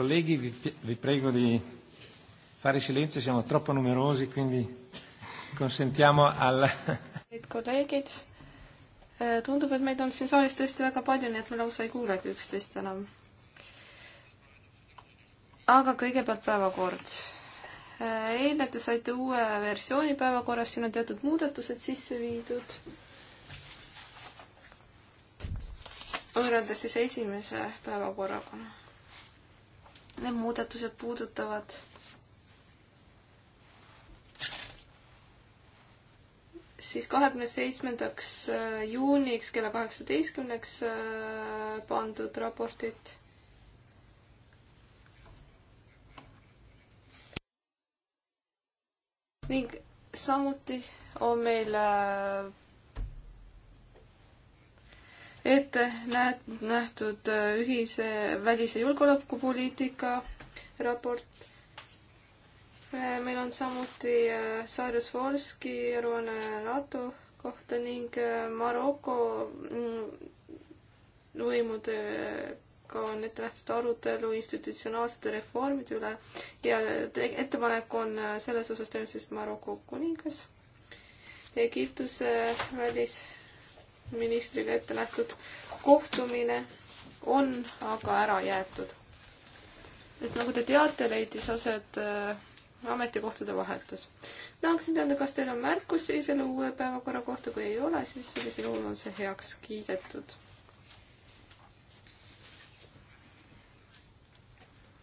Colleghi, vi, vi prego di fare silenzio, siamo troppo numerosi, quindi consentiamo al... kolleegid, eh, tundub, et meid on siin saalis tõesti väga palju, nii et me lausa ei kuulegi üksteist enam. aga kõigepealt päevakord. Eh, eile te saite uue versiooni päevakorras, siin on teatud muudatused sisse viidud. võrreldes siis esimese päevakorraga Need muudatused puudutavad siis kahekümne seitsmendaks äh, juuniks kella kaheksateistkümneks äh, pandud raportit. ning samuti on meil äh, ette nähtud äh, ühise välise julgeolekupoliitika raport. Äh, meil on samuti äh, Cyrus Volski aruanne NATO kohta ning Maroko mm, võimudega on ette nähtud arutelu institutsionaalsete reformide üle ja ettepanek on selles osas teinud siis Maroko kuningas. Egiptuse välis- ministrile ette nähtud kohtumine on aga ära jäetud. sest nagu te teate, leidis aset äh, ametikohtade vahetus. tahaksin teada, kas teil on märkusi selle uue päevakorra kohta, kui ei ole, siis sellisel juhul on see heaks kiidetud.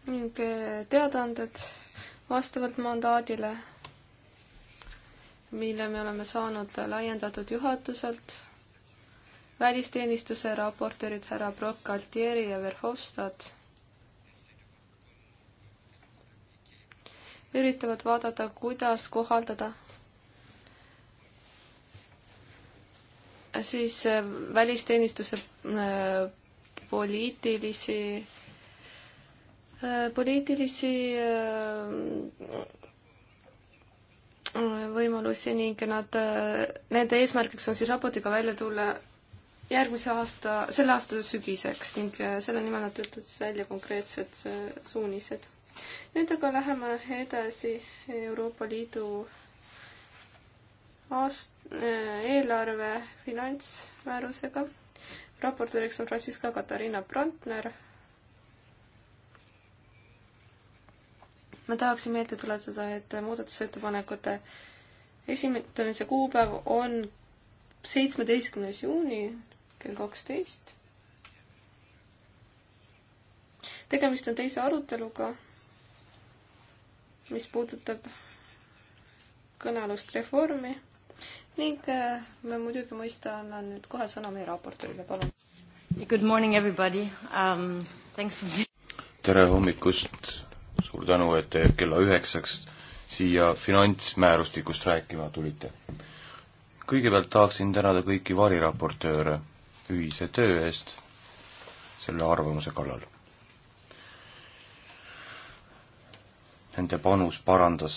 ning äh, teadaanded vastavalt mandaadile, mille me oleme saanud laiendatud juhatuselt välisteenistuse raportöörid härra Brock, Altieri ja Verhofstadt üritavad vaadata, kuidas kohaldada siis äh, välisteenistuse äh, poliitilisi, äh, poliitilisi võimalusi ning nad, nende eesmärgiks on siis raportiga välja tulla järgmise aasta, selle aasta sügiseks ning äh, selle nimel nad töötavad siis välja konkreetsed äh, suunised. nüüd aga läheme edasi Euroopa Liidu aast-, äh, eelarve finantsmäärusega. raportööriks on Franziska Katariina Brandner. ma tahaksin meelde tuletada, et muudatusettepanekute esimetamise kuupäev on seitsmeteistkümnes juuni kell kaksteist. tegemist on teise aruteluga, mis puudutab kõnealust reformi ning äh, me muidugi mõista annan nüüd kohe sõna meie raportöörile, palun. Good morning everybody um,, thanks for tere hommikust, suur tänu, et te kella üheksaks siia finantsmäärustikust rääkima tulite. kõigepealt tahaksin tänada kõiki variraportööre ühise töö eest selle arvamuse kallal. Nende panus parandas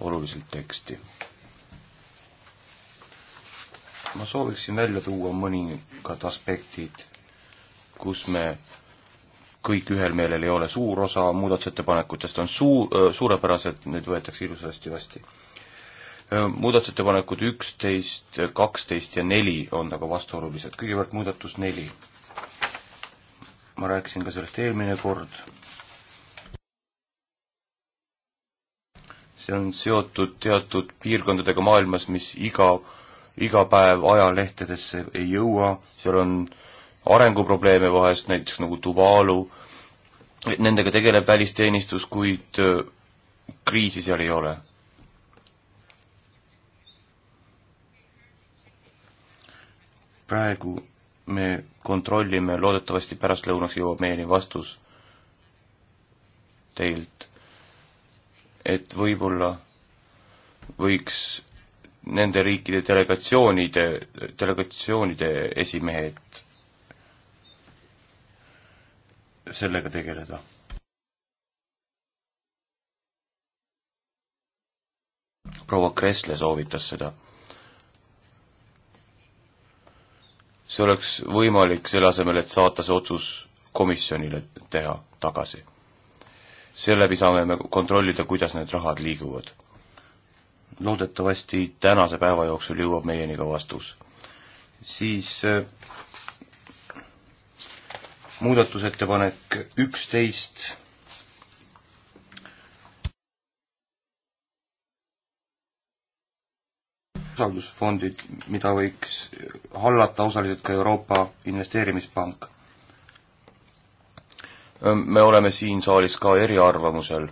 oluliselt teksti. ma sooviksin välja tuua mõningad aspektid, kus me kõik ühel meelel ei ole, suur osa muudatusettepanekutest on suur, suurepärased, need võetakse ilusasti vastu muudatusettepanekud üksteist, kaksteist ja neli on aga vastuolulised, kõigepealt muudatus neli. ma rääkisin ka sellest eelmine kord. see on seotud teatud piirkondadega maailmas, mis iga, iga päev ajalehtedesse ei jõua, seal on arenguprobleeme vahest, näiteks nagu Tuvalu, nendega tegeleb välisteenistus, kuid kriisi seal ei ole praegu me kontrollime, loodetavasti pärastlõunaks jõuab meieni vastus teilt, et võib-olla võiks nende riikide delegatsioonide, delegatsioonide esimehed sellega tegeleda. proua Kressle soovitas seda see oleks võimalik selle asemel, et saata see otsus komisjonile teha tagasi. seeläbi saame me kontrollida, kuidas need rahad liiguvad. loodetavasti tänase päeva jooksul jõuab meieni ka vastus. siis äh, muudatusettepanek üksteist usaldusfondid, mida võiks hallata osaliselt ka Euroopa Investeerimispank. me oleme siin saalis ka eriarvamusel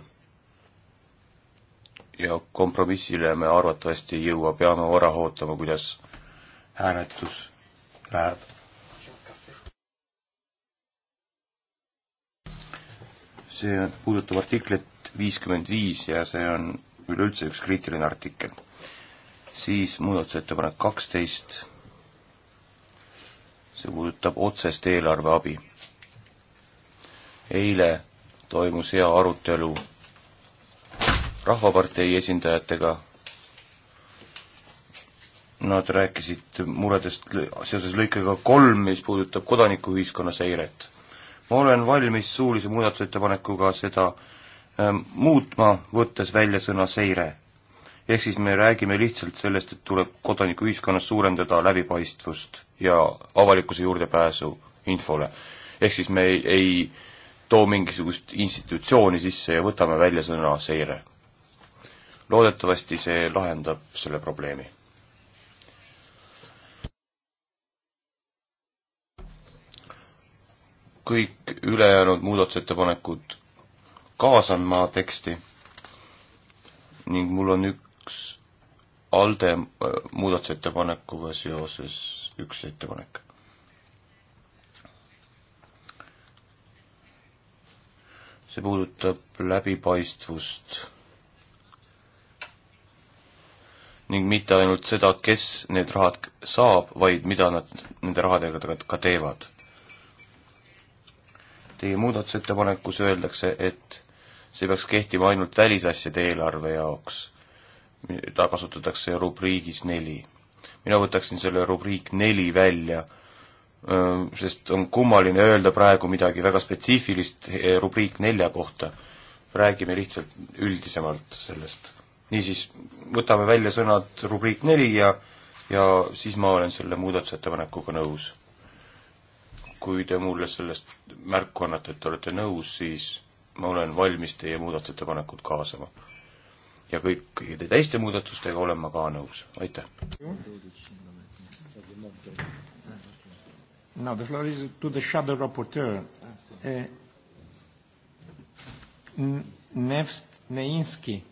ja kompromissile me arvatavasti ei jõua, peame vara ootama, kuidas hääletus läheb. see puudutab artiklit viiskümmend viis ja see on üleüldse üks kriitiline artikkel siis muudatusettepanek kaksteist, see puudutab otsest eelarveabi. eile toimus hea arutelu Rahvapartei esindajatega, nad rääkisid muredest seoses lõikega kolm, mis puudutab kodanikuühiskonna seiret. ma olen valmis suulise muudatusettepanekuga seda ähm, muutma, võttes välja sõna seire ehk siis me räägime lihtsalt sellest, et tuleb kodanikuühiskonnas suurendada läbipaistvust ja avalikkuse juurdepääsu infole. ehk siis me ei, ei too mingisugust institutsiooni sisse ja võtame välja sõna seire. loodetavasti see lahendab selle probleemi. kõik ülejäänud muudatusettepanekud kaasan ma teksti ning mul on ük-, kaks ALDE äh, muudatusettepanekuga seoses üks ettepanek. see puudutab läbipaistvust ning mitte ainult seda, kes need rahad saab, vaid mida nad nende rahadega ka teevad. Teie muudatusettepanekus öeldakse, et see peaks kehtima ainult välisasjade eelarve jaoks mida kasutatakse rubriigis neli. mina võtaksin selle rubriik neli välja, sest on kummaline öelda praegu midagi väga spetsiifilist eh, rubriik nelja kohta. räägime lihtsalt üldisemalt sellest. niisiis, võtame välja sõnad rubriik neli ja, ja siis ma olen selle muudatusettepanekuga nõus. kui te mulle sellest märku annate, et te olete nõus, siis ma olen valmis teie muudatusettepanekud kaasama ja kõikide teiste muudatustega olen ma ka nõus, aitäh. Now the floor is to the shadow rapporteur uh,. Nevst Neinski.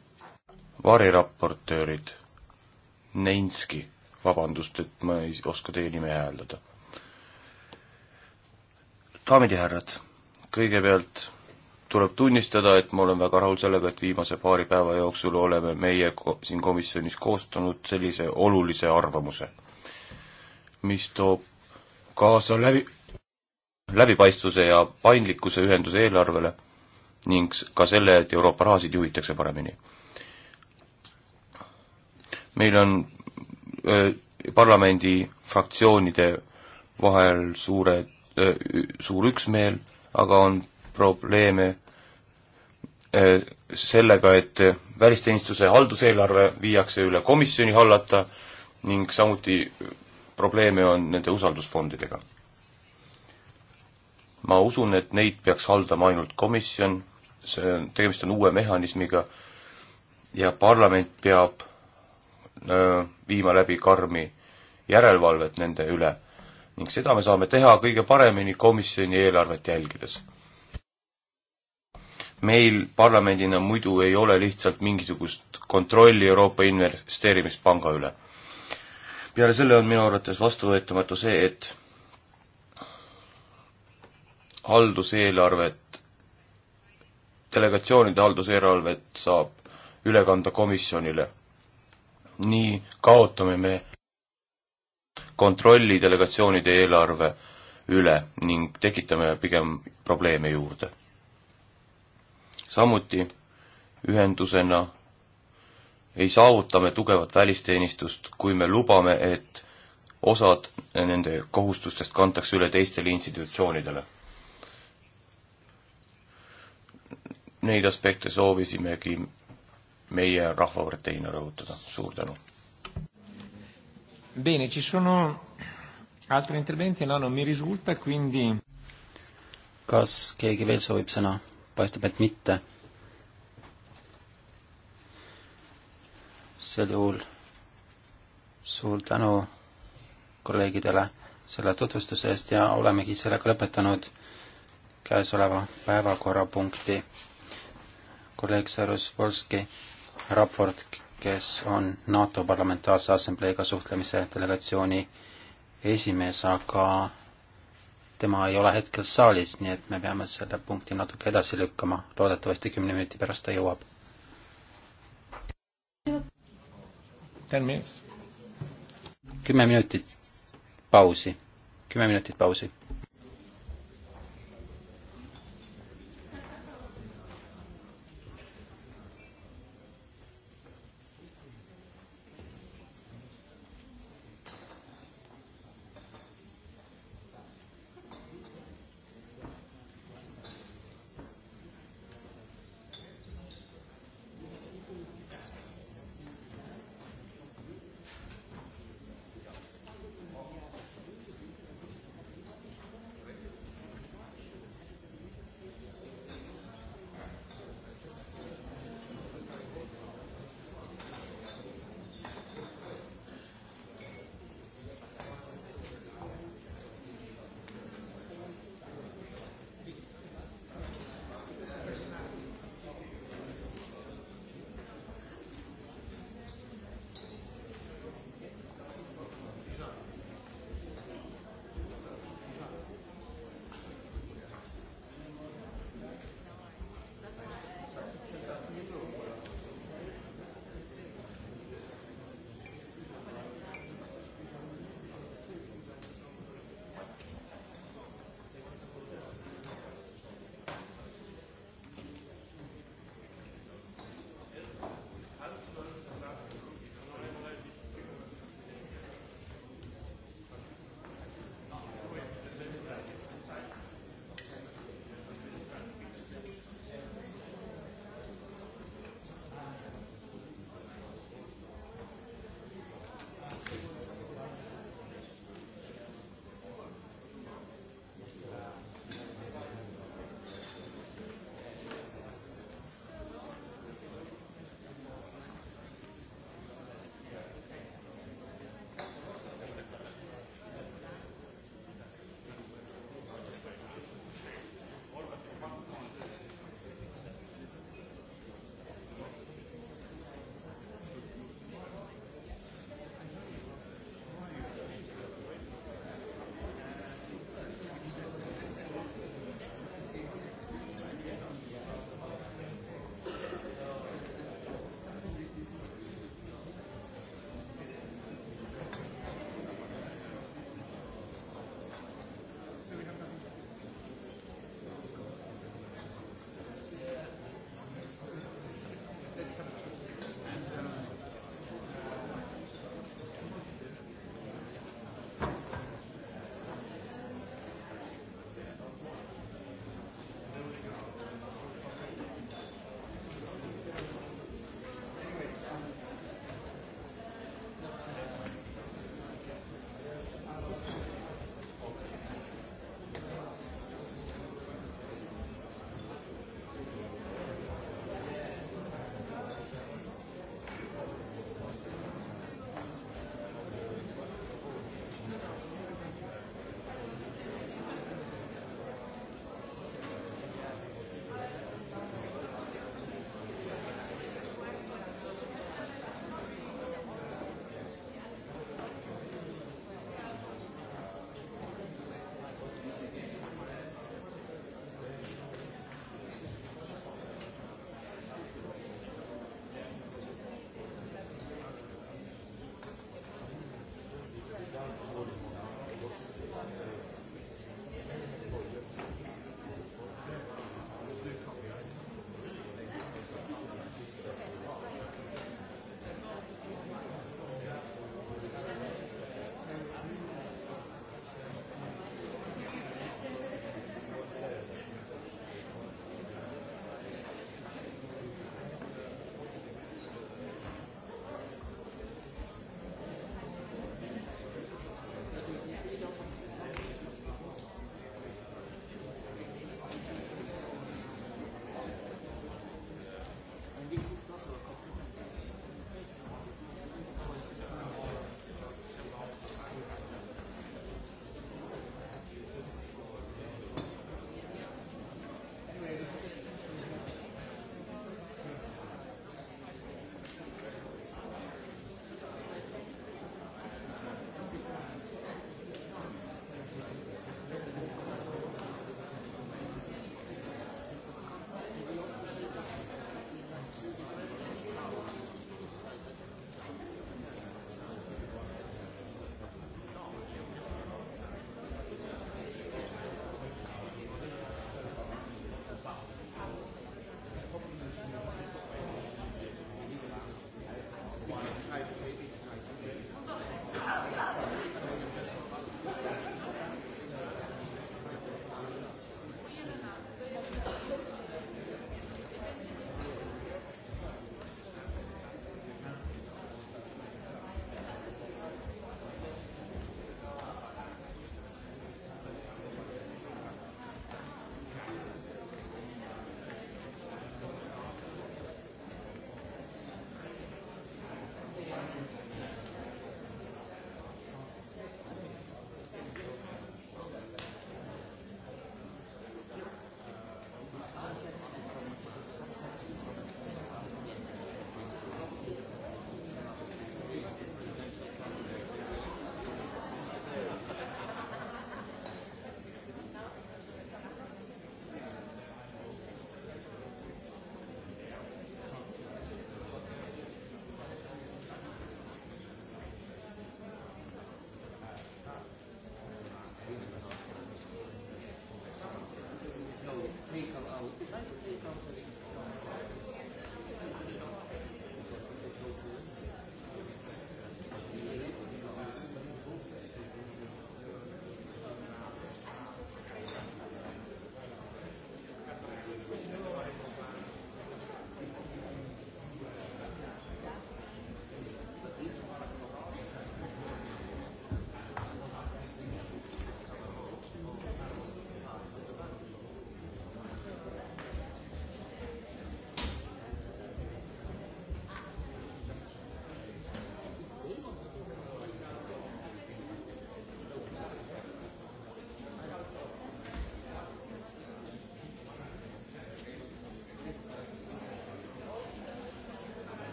variraportöörid. Neinski, vabandust, et ma ei oska teie nime hääldada. daamid ja härrad, kõigepealt tuleb tunnistada, et ma olen väga rahul sellega, et viimase paari päeva jooksul oleme meie ko siin komisjonis koostanud sellise olulise arvamuse, mis toob kaasa läbi, läbipaistvuse ja paindlikkuse ühenduse eelarvele ning ka selle, et Euroopa rahasid juhitakse paremini. meil on öö, parlamendi fraktsioonide vahel suure, suur üksmeel, aga on probleeme Eh, sellega, et välisteenistuse halduseelarve viiakse üle komisjoni hallata ning samuti probleeme on nende usaldusfondidega. ma usun, et neid peaks haldama ainult komisjon, see on, tegemist on uue mehhanismiga ja parlament peab öö, äh, viima läbi karmi järelevalvet nende üle ning seda me saame teha kõige paremini komisjoni eelarvet jälgides meil parlamendina muidu ei ole lihtsalt mingisugust kontrolli Euroopa Investeerimispanga üle. peale selle on minu arvates vastuvõetamatu see, et halduseelarvet, delegatsioonide halduseelarvet saab üle kanda komisjonile. nii kaotame me kontrolli delegatsioonide eelarve üle ning tekitame pigem probleeme juurde samuti ühendusena ei saavuta me tugevat välisteenistust, kui me lubame, et osad nende kohustustest kantakse üle teistele institutsioonidele. Neid aspekte soovisimegi meie Rahvaparteina rõhutada, suur tänu. Bene, ci sono altri interventi, no non mi risulta, quindi kas keegi veel soovib sõna? paistab, et mitte. sel juhul suur tänu kolleegidele selle tutvustuse eest ja olemegi sellega lõpetanud käesoleva päevakorrapunkti. kolleeg Sõrus Volski raport, kes on NATO Parlamentaarse Assambleega suhtlemise delegatsiooni esimees, aga tema ei ole hetkel saalis, nii et me peame selle punkti natuke edasi lükkama, loodetavasti kümne minuti pärast ta jõuab. kümme minutit pausi, kümme minutit pausi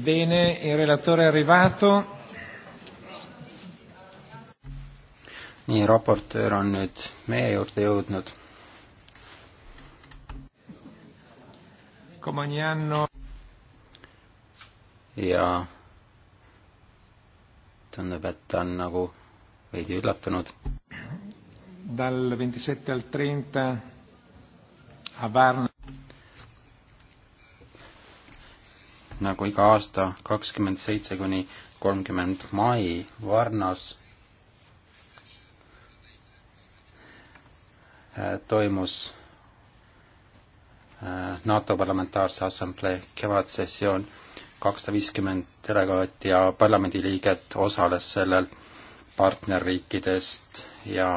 Bene, il relatore è arrivato. nii, raportöör on nüüd meie juurde jõudnud. ja tundub, et ta on nagu veidi üllatunud. dal ventisette al trenta a Varna nagu iga aasta kakskümmend seitse kuni kolmkümmend mai Varnas äh, toimus äh, NATO Parlamentaarse Assamblee kevadsessioon, kakssada viiskümmend delegaati ja parlamendiliiget osales sellel partnerriikidest ja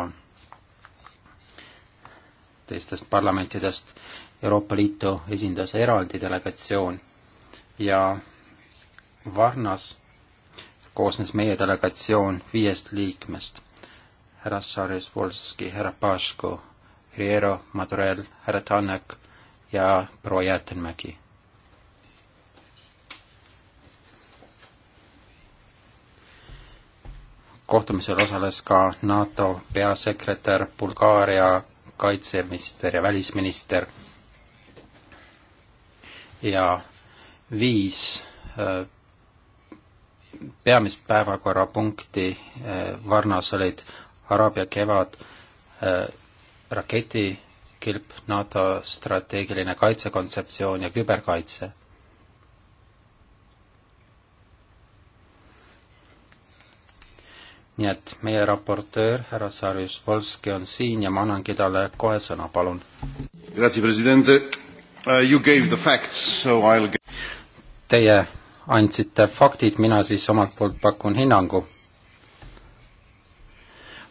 teistest parlamentidest. Euroopa Liitu esindas eraldi delegatsioon ja Varnas koosnes meie delegatsioon viiest liikmest. härra Sarjus-Volski, härra Paško, Riero Madurel, härra Tanek ja proua Jäätenmägi. kohtumisel osales ka NATO peasekretär, Bulgaaria kaitseminister ja välisminister ja viis äh, peamist päevakorrapunkti äh, Varnas olid Araabia kevad, äh, raketikilp, NATO strateegiline kaitsekontseptsioon ja küberkaitse. nii et meie raportöör, härra Sarjus Volski on siin ja ma annangi talle kohe sõna, palun. Grazie, president. Uh, you gave the facts, so I'll teie andsite faktid, mina siis omalt poolt pakun hinnangu.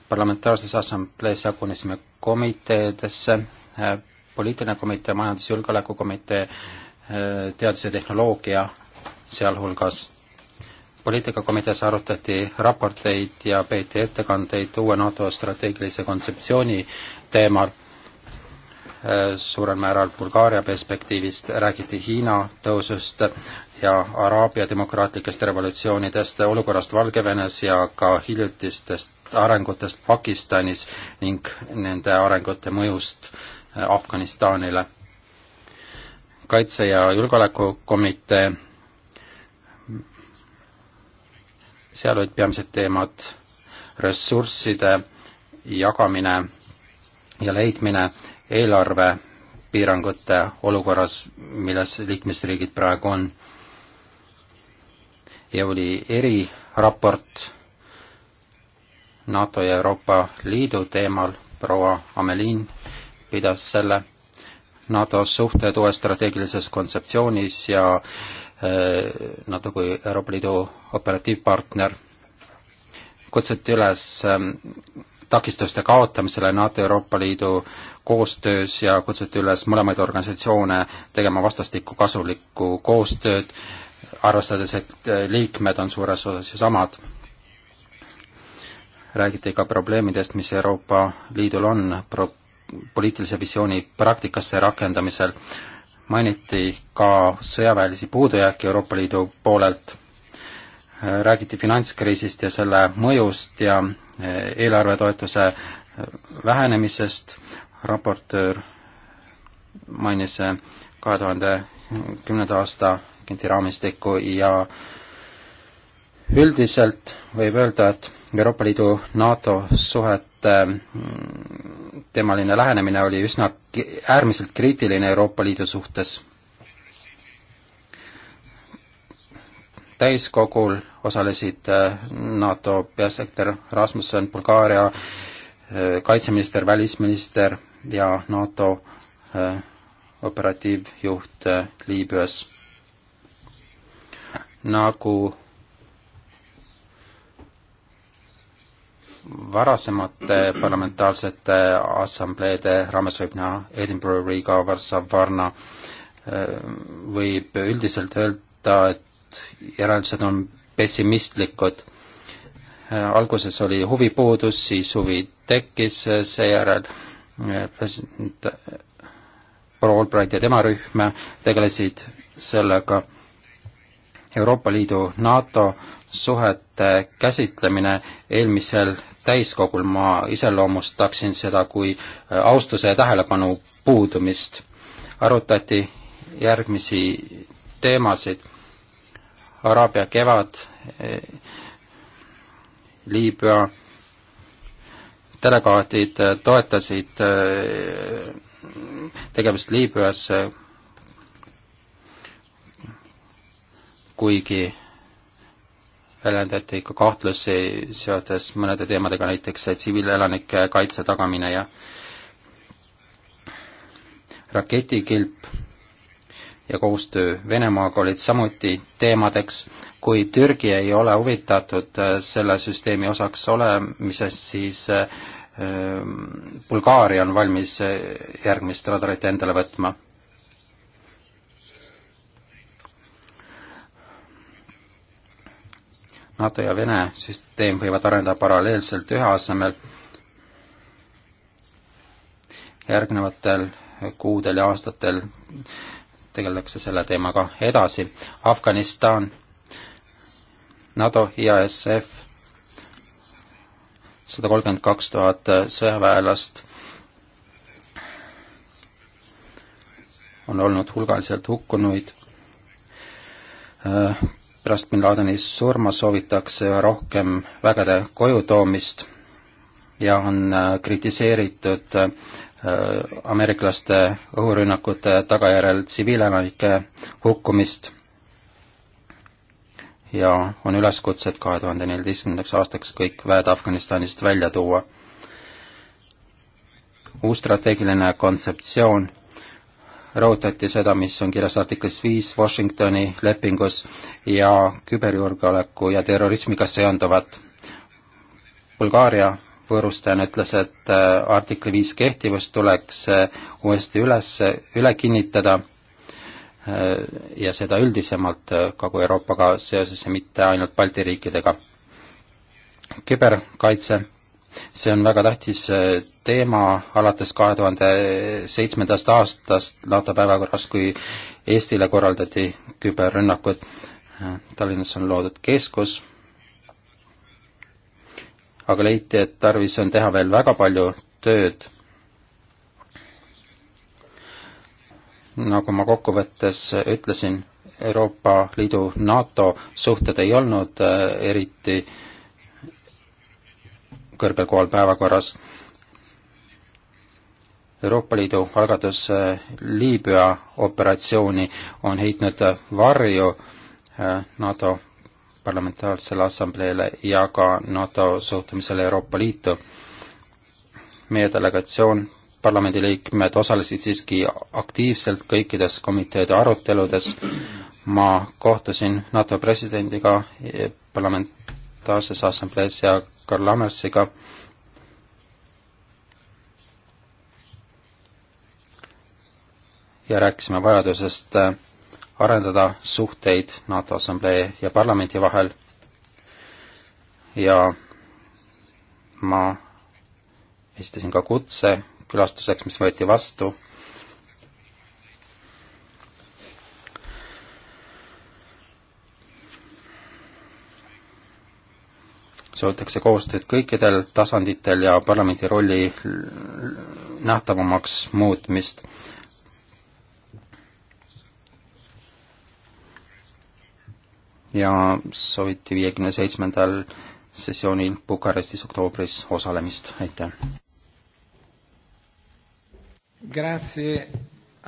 parlamentaarses assamblees jagunesime komiteedesse, äh, poliitiline komitee, majandus-julgeoleku komitee, äh, teadus- ja tehnoloogia sealhulgas. poliitikakomitees arutati raporteid ja peeti ettekandeid uue NATO strateegilise kontseptsiooni teemal, äh, suurel määral Bulgaaria perspektiivist, räägiti Hiina tõusust, ja Araabia demokraatlikest revolutsioonidest, olukorrast Valgevenes ja ka hiljutistest arengutest Pakistanis ning nende arengute mõjust äh, Afganistanile. kaitse- ja Julgeolekukomitee, seal olid peamised teemad ressursside jagamine ja leidmine, eelarve piirangute olukorras, milles liikmesriigid praegu on ja oli eriraport NATO ja Euroopa Liidu teemal, proua Amelin pidas selle NATO suhted uues strateegilises kontseptsioonis ja äh, NATO kui Euroopa Liidu operatiivpartner kutsuti üles ähm, takistuste kaotamisele NATO Euroopa Liidu koostöös ja kutsuti üles mõlemaid organisatsioone tegema vastastikku kasulikku koostööd arvestades, et äh, liikmed on suures osas ju samad. räägiti ka probleemidest, mis Euroopa Liidul on pro-, poliitilise visiooni praktikasse rakendamisel, mainiti ka sõjaväelisi puudujääke Euroopa Liidu poolelt, äh, räägiti finantskriisist ja selle mõjust ja äh, eelarvetoetuse vähenemisest, raportöör mainis kahe tuhande kümnenda aasta paketi raamistikku ja üldiselt võib öelda, et Euroopa Liidu NATO suhete mm, teemaline lähenemine oli üsna äärmiselt kriitiline Euroopa Liidu suhtes. täiskogul osalesid äh, NATO peasekretär Rasmussen, Bulgaaria äh, kaitseminister, välisminister ja NATO äh, operatiivjuht Liibüas nagu varasemate parlamentaarsete assambleede raames võib näha Edinburgh, Riga, Varssav, Varna, äh, võib üldiselt öelda, et järeldused on pessimistlikud. Äh, alguses oli huvipuudus, siis huvi tekkis, äh, seejärel president proua Albright ja tema rühm tegelesid sellega Euroopa Liidu NATO suhete käsitlemine eelmisel täiskogul, ma iseloomustaksin seda kui äh, austuse ja tähelepanu puudumist. arutati järgmisi teemasid, Araabia kevad, äh, Liibüa delegaadid äh, toetasid tegemist Liibüas kuigi väljendati ikka kahtlusi seoses mõnede teemadega, näiteks tsiviilelanike kaitse tagamine ja raketikilp ja koostöö Venemaaga olid samuti teemadeks, kui Türgi ei ole huvitatud äh, selle süsteemi osaks olemisest, siis äh, Bulgaaria on valmis äh, järgmist radarit endale võtma NATO ja Vene süsteem võivad areneda paralleelselt ühe asemel järgnevatel kuudel ja aastatel tegeldakse selle teemaga edasi. Afganistan, NATO, IASF, sada kolmkümmend kaks tuhat sõjaväelast on olnud hulgaliselt hukkunuid äh, pärast bin Ladeni surma soovitakse rohkem vägede koju toomist ja on äh, kritiseeritud äh, ameeriklaste õhurünnakute tagajärjel tsiviilelanike hukkumist ja on üleskutsed kahe tuhande neljateistkümnendaks aastaks kõik väed Afganistanist välja tuua. uus strateegiline kontseptsioon rõhutati seda, mis on kirjas artiklis viis Washingtoni lepingus ja küberjulgeoleku ja terrorismiga seonduvat. Bulgaaria võõrustaja ütles, et äh, artikli viis kehtivus tuleks äh, uuesti üles, üle kinnitada äh, ja seda üldisemalt Kagu-Euroopaga seoses ja mitte ainult Balti riikidega. küberkaitse see on väga tähtis teema, alates kahe tuhande seitsmendast aastast NATO päevakorras, kui Eestile korraldati küberrünnakud. Tallinnas on loodud keskus, aga leiti, et tarvis on teha veel väga palju tööd. nagu ma kokkuvõttes ütlesin, Euroopa Liidu, NATO suhted ei olnud äh, eriti äh, kõrgel kohal päevakorras. Euroopa Liidu algatus eh, Liibüa operatsiooni on heitnud varju eh, NATO parlamentaarsele assambleele ja ka NATO suhtumisele Euroopa Liitu. meie delegatsioon, parlamendiliikmed osalesid siiski aktiivselt kõikides komiteede aruteludes, ma kohtusin NATO presidendiga eh, parlamentaarses assamblees ja Oskar Lamessiga. ja rääkisime vajadusest äh, arendada suhteid NATO Assamblee ja parlamendi vahel ja ma esitasin ka kutse külastuseks, mis võeti vastu soovitakse koostööd kõikidel tasanditel ja parlamendi rolli nähtavamaks muutmist. ja sooviti viiekümne seitsmendal sessioonil Bukarestis oktoobris osalemist, aitäh! Grazie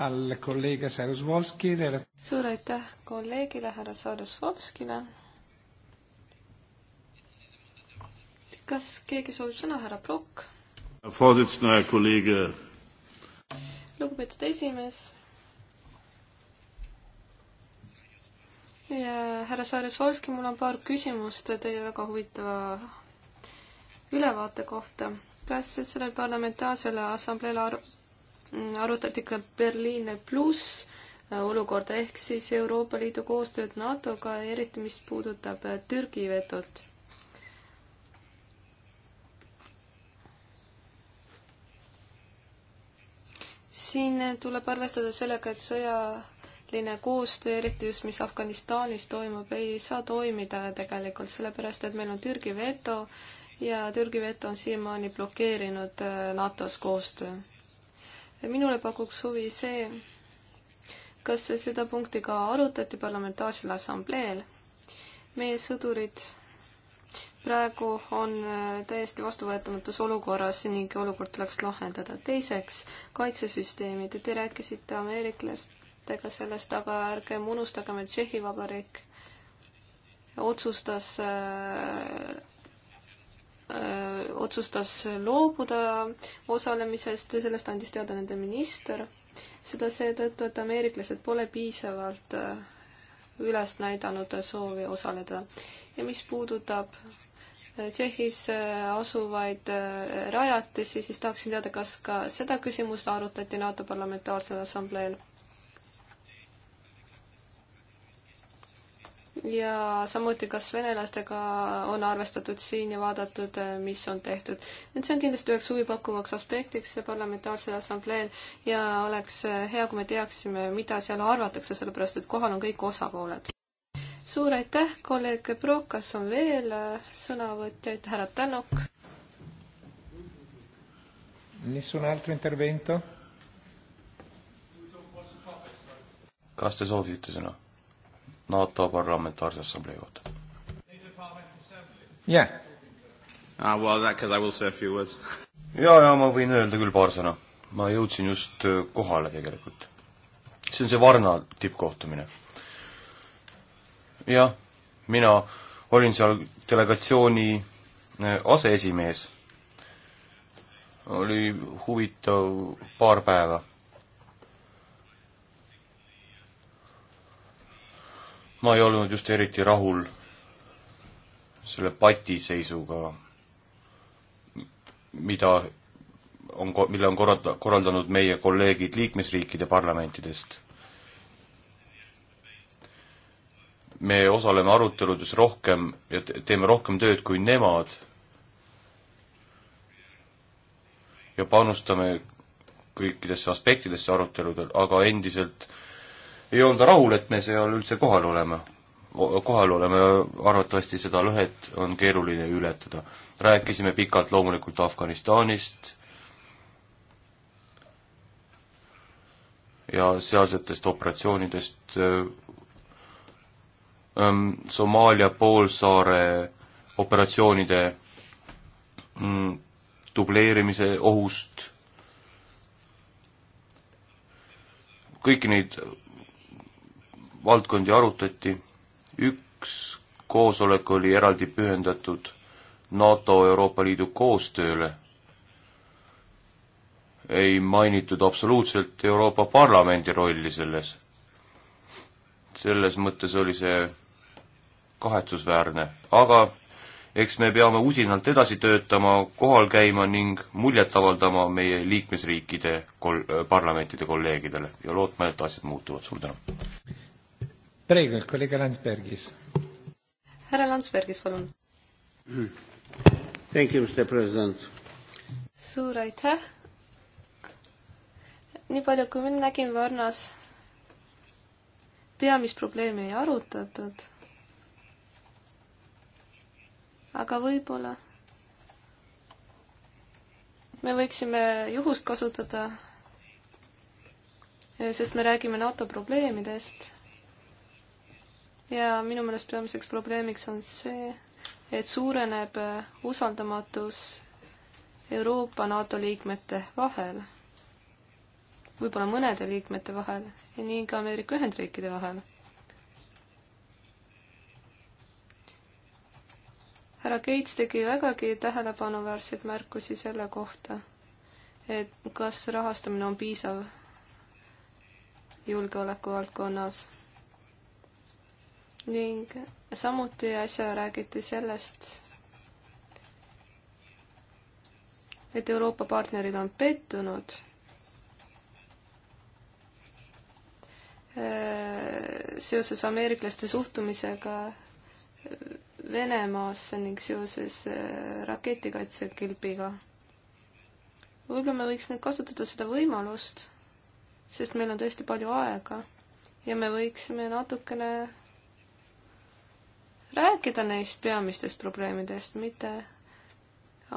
al kolleeg Sarasvolskile. suur aitäh kolleegile härra Sarasvolskile kas keegi soovib sõna, härra Prokk? lugupeetud esimees ja härra Saare-Solski, mul on paar küsimust teie väga huvitava ülevaate kohta. kas sellel parlamentaarsel assambleel ar arutati ka Berliine pluss olukorda ehk siis Euroopa Liidu koostööd NATO-ga, eriti mis puudutab Türgi vetot? siin tuleb arvestada sellega, et sõjaline koostöö, eriti just mis Afganistanis toimub, ei saa toimida tegelikult, sellepärast et meil on Türgi veto ja Türgi veto on siiamaani blokeerinud äh, NATO-s koostöö. minule pakuks huvi see, kas seda punkti ka arutati parlamentaarsel assambleel? meie sõdurid praegu on äh, täiesti vastuvõetamatus olukorras ning olukord tuleks lahendada. teiseks, kaitsesüsteemid. Te rääkisite ameeriklastega sellest, aga ärgem unustagem, et Tšehhi Vabariik otsustas öö, äh, äh, otsustas loobuda osalemisest, sellest andis teada nende minister. seda seetõttu, et ameeriklased pole piisavalt üles näidanud soovi osaleda. ja mis puudutab Tšehhis äh, asuvaid äh, rajatisi, siis tahaksin teada, kas ka seda küsimust arutati NATO Parlamentaarsel Assambleel. ja samuti, kas venelastega on arvestatud siin ja vaadatud, äh, mis on tehtud. et see on kindlasti üheks huvipakkuvaks aspektiks Parlamentaarsel Assambleel ja oleks hea, kui me teaksime, mida seal arvatakse, sellepärast et kohal on kõik osapooled suur aitäh, kolleeg Pro, kas on veel äh, sõnavõtjaid, härra Tänok? Nessun altro intervento? kas te soovite sõna NATO Parlamentaarse Assamblee kohta? jah yeah.. Ah, well, that because I will say a few words. ja, ja ma võin öelda küll paar sõna. ma jõudsin just äh, kohale tegelikult. see on see Varna tippkohtumine jah, mina olin seal delegatsiooni eh, aseesimees. oli huvitav paar päeva. ma ei olnud just eriti rahul selle patiseisuga, mida on, mille on korralda-, korraldanud meie kolleegid liikmesriikide parlamentidest me osaleme aruteludes rohkem ja teeme rohkem tööd kui nemad ja panustame kõikidesse aspektidesse aruteludel, aga endiselt ei olda rahul, et me seal üldse kohal oleme. kohal oleme, arvatavasti seda lõhet on keeruline ületada. rääkisime pikalt loomulikult Afganistanist ja sealsetest operatsioonidest ähm, Somaalia poolsaare operatsioonide mm, dubleerimise ohust, kõiki neid valdkondi arutati, üks koosolek oli eraldi pühendatud NATO Euroopa Liidu koostööle. ei mainitud absoluutselt Euroopa Parlamendi rolli selles. selles mõttes oli see kahetsusväärne, aga eks me peame usinalt edasi töötama, kohal käima ning muljet avaldama meie liikmesriikide kol-, parlamentide kolleegidele ja lootma, et asjad muutuvad. suur tänu! Prego, kolleeg Landsbergis. härra Landsbergis, palun! Thank you, Mr President! suur aitäh! nii palju, kui mina nägin Varnas, peamist probleemi ei arutatud aga võib-olla me võiksime juhust kasutada, sest me räägime NATO probleemidest. ja minu meelest peamiseks probleemiks on see, et suureneb usaldamatus Euroopa NATO liikmete vahel, võib-olla mõnede liikmete vahel ja nii ka Ameerika Ühendriikide vahel. härra Gates tegi vägagi tähelepanuväärseid märkusi selle kohta, et kas rahastamine on piisav julgeoleku valdkonnas. ning samuti äsja räägiti sellest, et Euroopa partnerid on pettunud äh, seoses ameeriklaste suhtumisega Venemaasse ning seoses äh, raketikaitsekilbiga. võib-olla me võiks nüüd kasutada seda võimalust, sest meil on tõesti palju aega ja me võiksime natukene rääkida neist peamistest probleemidest, mitte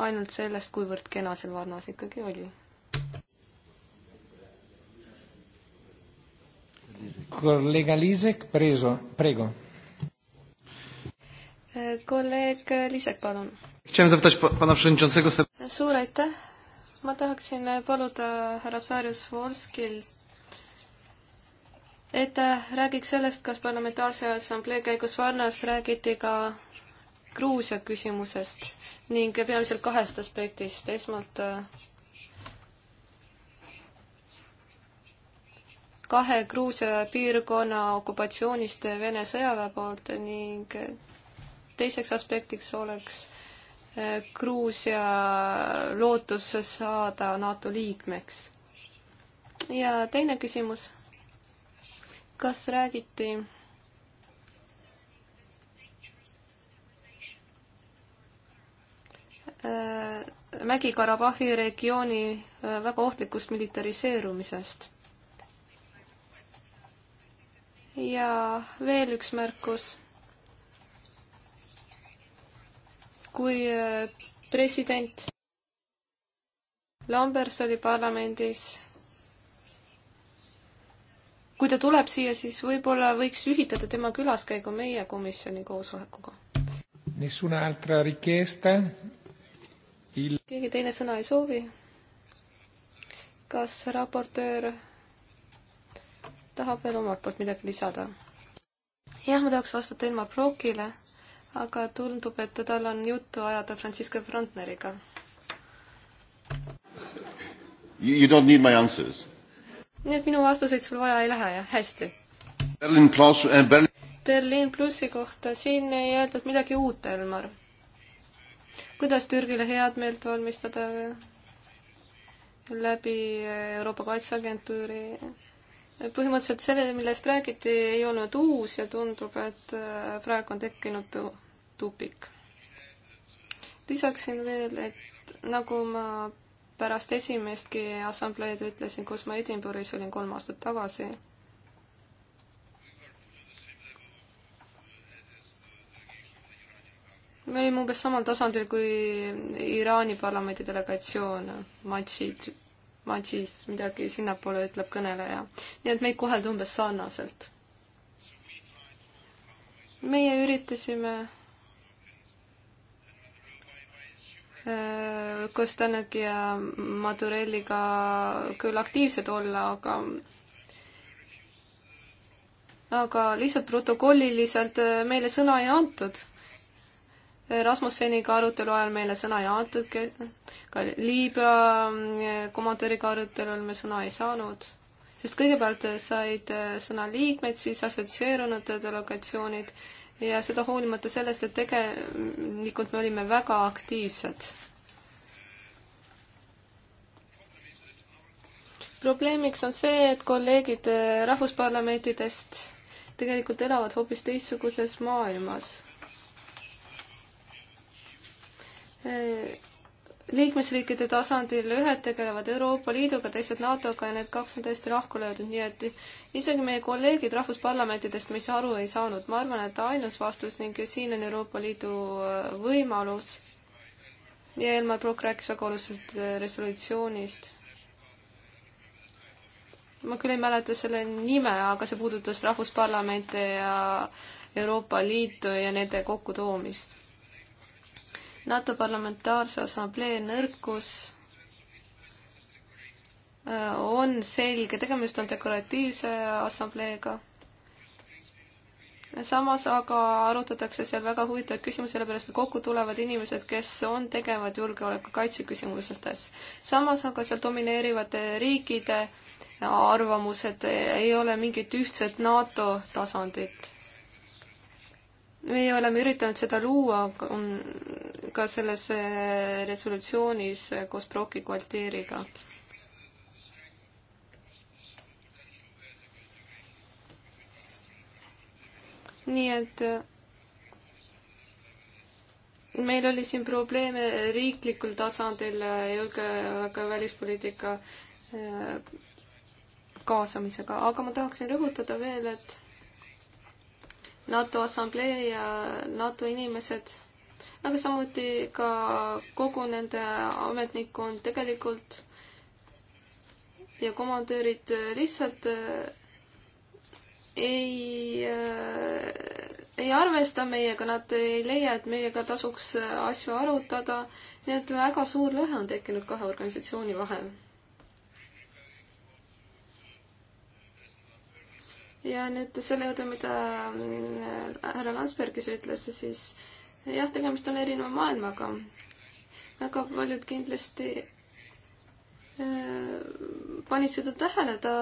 ainult sellest, kuivõrd kena seal Varnas ikkagi oli. kolleeg Liisek, preso, prego kolleeg Liisek, palun. suur aitäh. ma tahaksin paluda härra Saarjus Volskilt, et ta räägiks sellest, kas parlamentaarse assamblee käigus Varnas räägiti ka Gruusia küsimusest ning peamiselt kahest aspektist. esmalt kahe Gruusia piirkonna okupatsioonist Vene sõjaväe poolt ning teiseks aspektiks oleks äh, Gruusia lootus saada NATO liikmeks. ja teine küsimus, kas räägiti äh, Mägi-Karabahhi regiooni äh, väga ohtlikust militariseerumisest. ja veel üks märkus. kui äh, president Lambers oli parlamendis. kui ta tuleb siia, siis võib-olla võiks ühitada tema külaskäigu meie komisjoni koosolekuga. Il... keegi teine sõna ei soovi? kas raportöör tahab veel omalt poolt midagi lisada? jah, ma tahaks vastata ilma blogile aga tundub, et tal on juttu ajada Francisco Frontneriga. You don't need my answers. nii et minu vastuseid sul vaja ei lähe, jah, hästi. Berliin pluss äh,, eh, Berliin. Berliin plussi kohta, siin ei öeldud midagi uut, Elmar. kuidas Türgile head meelt valmistada läbi Euroopa Kaitseagentuuri? põhimõtteliselt selle, millest räägiti, ei olnud uus ja tundub, et äh, praegu on tekkinud tupik. lisaksin veel, et nagu ma pärast esimestki assambleed ütlesin, kus ma Edinburgh'is olin kolm aastat tagasi, me olime umbes samal tasandil kui Iraani parlamendi delegatsioon, Majid, Majis, midagi sinnapoole ütleb kõneleja. nii et meid koheldi umbes sarnaselt. meie üritasime Äh, Kostanagi ja Madurelliga küll aktiivsed olla, aga aga lihtsalt protokolliliselt äh, meile sõna ei antud. Rasmusseniga arutelu ajal meile sõna ei antud, ka Liibüa äh, komandöriga arutelul me sõna ei saanud, sest kõigepealt said sõna liikmed, siis assotsieerunud delegatsioonid ja seda hoolimata sellest, et tegelikult me olime väga aktiivsed. probleemiks on see, et kolleegid rahvusparlamentidest tegelikult elavad hoopis teistsuguses maailmas liikmesriikide tasandil, ühed tegelevad Euroopa Liiduga, teised NATO-ga ja need kaks on tõesti lahku löödud, nii et isegi meie kolleegid rahvusparlamentidest meist aru ei saanud. ma arvan, et ainus vastus ning siin on Euroopa Liidu äh, võimalus ja Elmar Brokk rääkis väga oluliselt äh, resolutsioonist. ma küll ei mäleta selle nime, aga see puudutas rahvusparlamente ja Euroopa Liitu ja nende kokkutoomist NATO Parlamentaarse Assamblee nõrkus äh, on selge, tegemist on dekoratiivse assambleega. samas aga arutatakse seal väga huvitavaid küsimusi, sellepärast et kokku tulevad inimesed, kes on tegevad julgeoleku kaitseküsimustes. samas aga seal domineerivad riikide arvamused, ei ole mingit ühtset NATO tasandit meie oleme üritanud seda luua ka selles äh, resolutsioonis äh, koos Proki kvarteeriga. nii et äh, meil oli siin probleeme riiklikul tasandil julgeoleku ja välispoliitika kaasamisega, aga ma tahaksin rõhutada veel, et NATO Assamblee ja NATO inimesed, aga samuti ka kogu nende ametnikkond tegelikult ja komandöörid lihtsalt äh, ei, äh, ei arvesta meiega, nad ei leia, et meiega tasuks asju arutada, nii et väga suur lõhe on tekkinud kahe organisatsiooni vahel ja nüüd selle juurde, mida mm, härra Landsbergis ütles, siis jah, tegemist on erineva maailmaga. väga paljud kindlasti äh, panid seda tähele, ta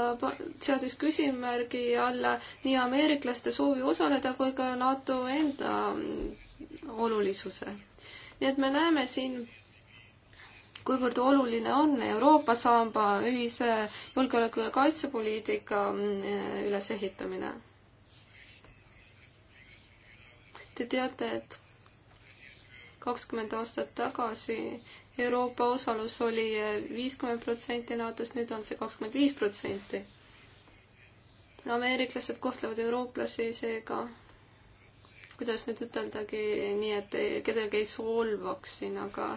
seadis küsimärgi alla nii ameeriklaste soovi osaleda kui ka NATO enda mm, olulisuse. nii et me näeme siin kuivõrd oluline on Euroopa samba ühise julgeoleku- ja kaitsepoliitika mm, ülesehitamine. Te teate, et kakskümmend aastat tagasi Euroopa osalus oli viiskümmend protsenti NATO-s, nüüd on see kakskümmend viis protsenti. ameeriklased kohtlevad eurooplasi seega, kuidas nüüd üteldagi, nii et kedagi ei solvaks siin, aga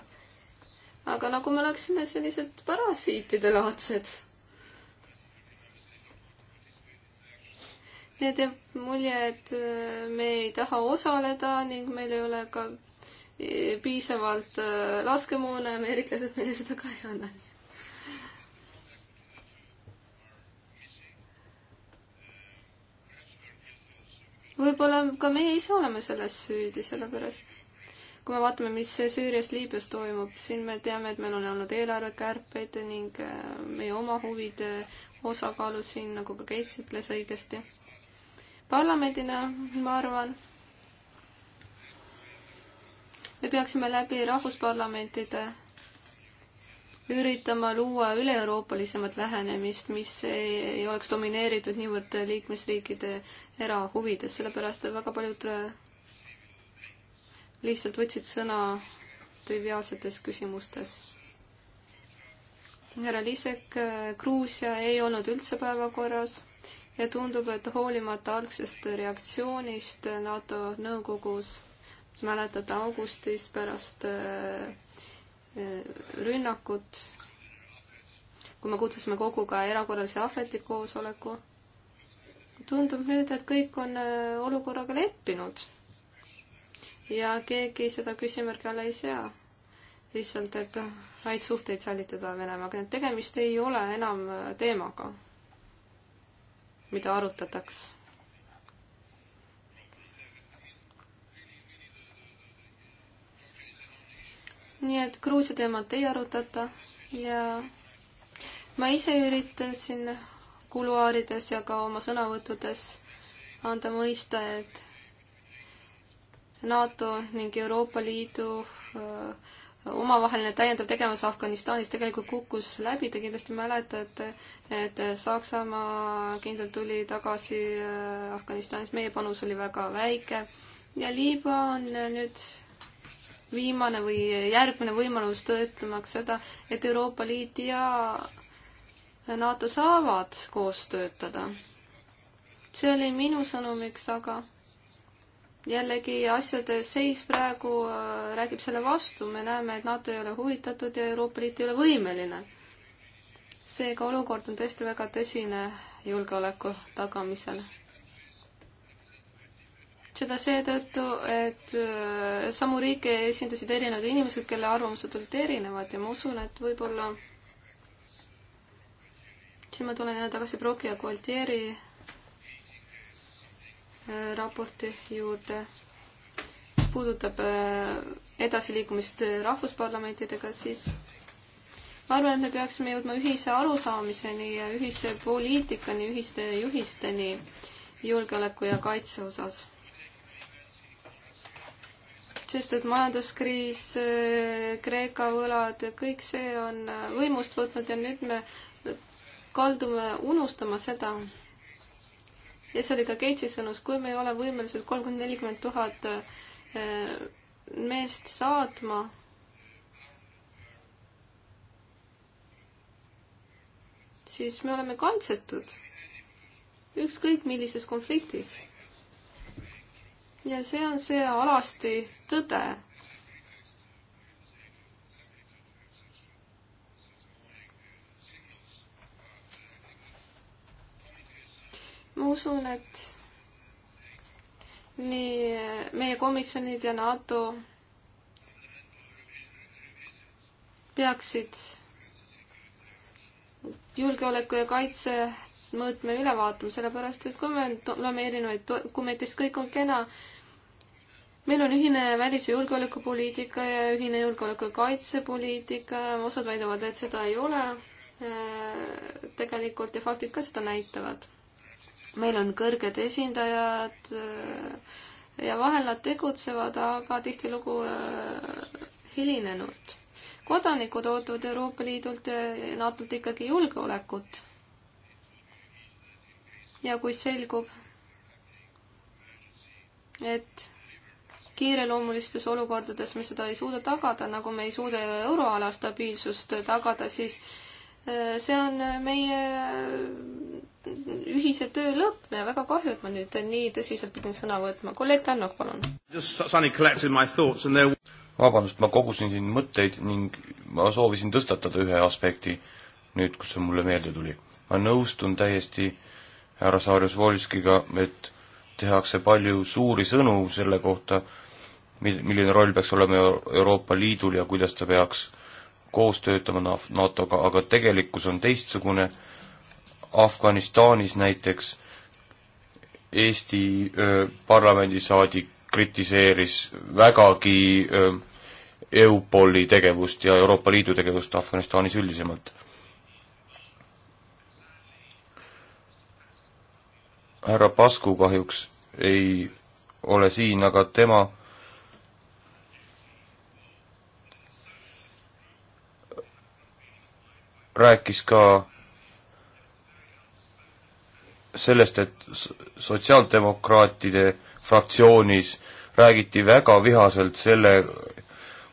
aga nagu me oleksime sellised parasiitide laadsed. Need jääb mulje, et äh, me ei taha osaleda ning meil ei ole ka äh, piisavalt äh, laskemoona, ameeriklased meile seda ka ei anna võib-olla ka meie ise oleme selles süüdi, sellepärast kui me vaatame, mis Süürias, Liibüas toimub, siin me teame, et meil on olnud eelarvekärped ning äh, meie oma huvide osakaalu siin, nagu ka Keits ütles õigesti. parlamendina, ma arvan, me peaksime läbi rahvusparlamentide üritama luua üle-euroopalisemat lähenemist, mis ei, ei oleks domineeritud niivõrd liikmesriikide erahuvides, sellepärast et väga paljud äh, lihtsalt võtsid sõna triviaalsetes küsimustes. härra Liisek, Gruusia ei olnud üldse päevakorras ja tundub, et hoolimata algsest reaktsioonist NATO nõukogus, mäletate, augustis pärast äh, äh, rünnakut, kui me kutsusime kogu ka erakorralise ahveti koosoleku, tundub nüüd, et kõik on äh, olukorraga leppinud ja keegi seda küsimärgi alla ei sea. lihtsalt, et häid suhteid säilitada Venemaaga, nii et tegemist ei ole enam teemaga, mida arutataks. nii et Gruusia teemat ei arutata ja ma ise üritasin kuluaarides ja ka oma sõnavõttudes anda mõista, et NATO ning Euroopa Liidu äh, omavaheline täiendav tegevus Afganistanis tegelikult kukkus läbi, te kindlasti mäletate, et Saksamaa kindlalt tuli tagasi äh, Afganistanis, meie panus oli väga väike ja Liiba on nüüd viimane või järgmine võimalus tõestamaks seda, et Euroopa Liit ja NATO saavad koos töötada. see oli minu sõnumiks, aga jällegi asjade seis praegu äh, räägib selle vastu, me näeme, et NATO ei ole huvitatud ja Euroopa Liit ei ole võimeline. seega olukord on tõesti väga tõsine julgeoleku tagamisel. seda seetõttu, et äh, samu riike esindasid erinevad inimesed, kelle arvamused olid erinevad ja ma usun, et võib-olla siis ma tulen jälle tagasi Broki ja Gualtieri Äh, raporti juurde, mis puudutab äh, edasiliikumist äh, rahvusparlamentidega, siis ma arvan, et me peaksime jõudma ühise arusaamiseni ja ühise poliitikani, ühiste juhisteni julgeoleku ja kaitse osas sest et majanduskriis, Kreeka võlad, kõik see on võimust võtnud ja nüüd me kaldume unustama seda, ja see oli ka Gatesi sõnus, kui me ei ole võimelised kolmkümmend, nelikümmend tuhat äh, meest saatma, siis me oleme kantsetud ükskõik millises konfliktis. ja see on see alasti tõde ma usun, et nii eh, meie komisjonid ja NATO peaksid julgeoleku ja kaitse mõõtme üle vaatama, sellepärast et kui me loeme erinevaid dokumente, siis kõik on kena. meil on ühine välis- ja julgeolekupoliitika ja ühine julgeoleku- ja kaitsepoliitika, osad väidavad, et seda ei ole äh, tegelikult ja faktid ka seda näitavad meil on kõrged esindajad äh, ja vahel nad tegutsevad, aga tihtilugu äh, hilinenult. kodanikud ootavad Euroopa Liidult ja äh, NATO-lt ikkagi julgeolekut. ja kui selgub, et kiireloomulistes olukordades me seda ei suuda tagada, nagu me ei suuda euroala stabiilsust tagada, siis äh, see on äh, meie äh, ühise töö lõpp ja väga kahju, et ma nüüd nii tõsiselt pidin sõna võtma. kolleeg Tannok, palun. vabandust, ma kogusin siin mõtteid ning ma soovisin tõstatada ühe aspekti nüüd, kus see mulle meelde tuli. ma nõustun täiesti härra Saarjas-Volskiga, et tehakse palju suuri sõnu selle kohta, mil-, milline roll peaks olema Euroopa Liidul ja kuidas ta peaks koos töötama NATO-ga, aga tegelikkus on teistsugune. Afganistanis näiteks Eesti parlamendisaadik kritiseeris vägagi öö, EUPOL-i tegevust ja Euroopa Liidu tegevust Afganistanis üldisemalt. härra Pasku kahjuks ei ole siin, aga tema rääkis ka sellest, et sotsiaaldemokraatide fraktsioonis räägiti väga vihaselt selle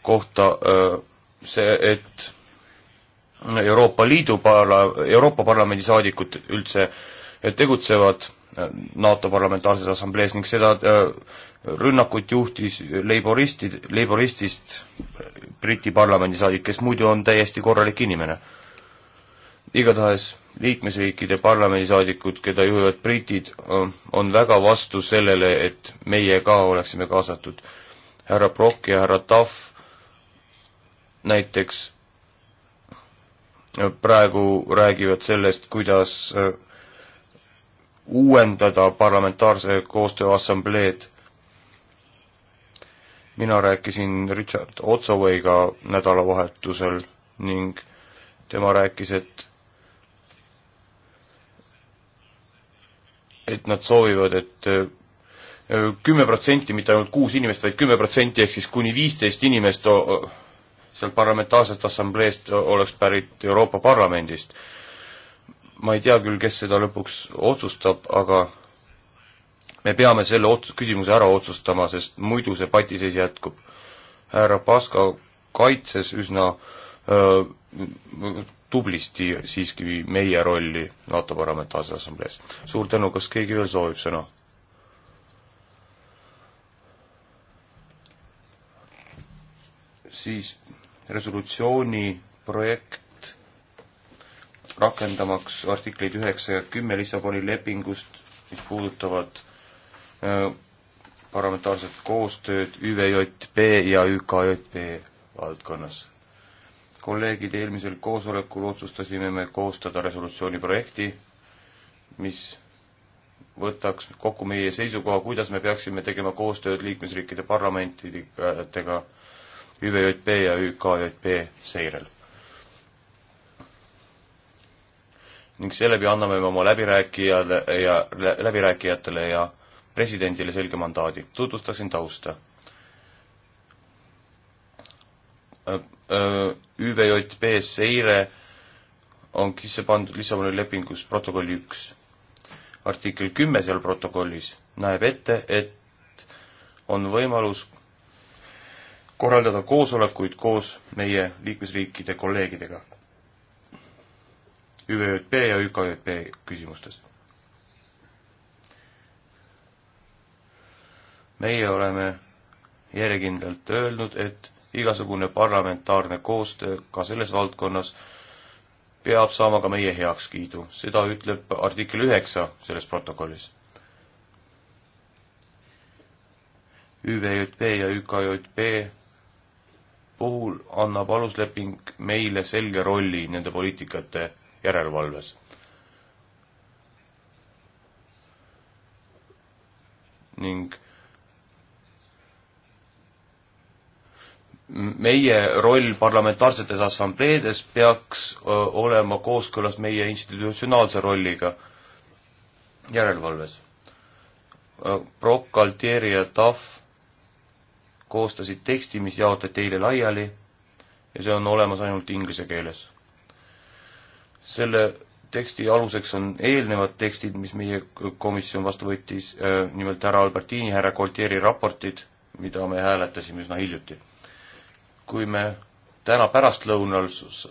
kohta see, et Euroopa Liidu parla-, Euroopa Parlamendi saadikud üldse tegutsevad NATO Parlamentaarses Assamblees ning seda rünnakut juhtis leiboristid, leiboristist Briti parlamendisaadik, kes muidu on täiesti korralik inimene igatahes liikmesriikide parlamendisaadikud, keda juhivad britid, on väga vastu sellele, et meie ka oleksime kaasatud. härra Brock ja härra Tahv näiteks äh, praegu räägivad sellest, kuidas äh, uuendada parlamentaarse koostöö assambleed. mina rääkisin Richard Otsoway'ga nädalavahetusel ning tema rääkis, et et nad soovivad et, et äh, äh, kümme protsenti, mitte ainult kuus inimest, vaid kümme protsenti ehk siis kuni viisteist inimest sealt parlamentaarsest assambleest oleks pärit Euroopa Parlamendist. ma ei tea küll, kes seda lõpuks otsustab, aga me peame selle ot-, küsimuse ära otsustama, sest muidu see patiseis jätkub. härra Paska kaitses üsna öö, äh, tublisti siiski meie rolli NATO Parlamentaarses Assamblees. suur tänu, kas keegi veel soovib sõna? siis resolutsiooni projekt rakendamaks artikleid üheksa ja kümme Lissaboni lepingust, mis puudutavad äh, parlamentaarset koostööd ÜVJP ja ÜKJP valdkonnas kolleegid, eelmisel koosolekul otsustasime me koostada resolutsiooni projekti, mis võtaks kokku meie seisukoha, kuidas me peaksime tegema koostööd liikmesriikide parlamentidega ÜVJP ja ÜKJP seirel. ning seeläbi anname me oma läbirääkijale ja läbirääkijatele ja presidendile selge mandaadi. tutvustaksin tausta Äh, äh, ÜVJP seire on sisse pandud Lissaboni lepingus protokolli üks. artikkel kümme seal protokollis näeb ette, et on võimalus korraldada koosolekuid koos meie liikmesriikide kolleegidega ÜVJP ja ÜKJP küsimustes. meie oleme järjekindlalt öelnud, et igasugune parlamentaarne koostöö ka selles valdkonnas peab saama ka meie heakskiidu, seda ütleb artikkel üheksa selles protokollis. ÜVJP ja ÜKJP puhul annab alusleping meile selge rolli nende poliitikate järelevalves. ning meie roll parlamentaarsetes assambleedes peaks olema kooskõlas meie institutsionaalse rolliga järelevalves. Brock, Altieri ja Tahv koostasid teksti, mis jaotati eile laiali ja see on olemas ainult inglise keeles. selle teksti aluseks on eelnevad tekstid, mis meie komisjon vastu võttis, nimelt härra Albertini, härra Coltieri raportid, mida me hääletasime üsna hiljuti kui me täna pärastlõunal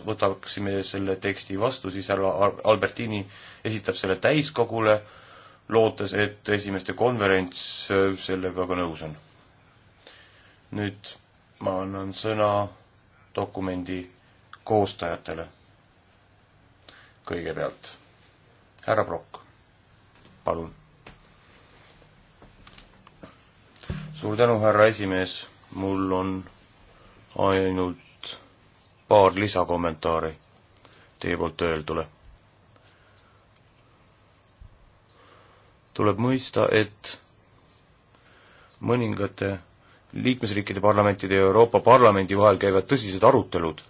võtaksime selle teksti vastu, siis härra Albertini esitab selle täiskogule, lootes, et esimeste konverents äh, sellega ka nõus on. nüüd ma annan sõna dokumendi koostajatele. kõigepealt härra Prokk, palun. suur tänu, härra esimees, mul on ainult paar lisakommentaari teie poolt öeldule. tuleb mõista, et mõningate liikmesriikide parlamentide ja Euroopa Parlamendi vahel käivad tõsised arutelud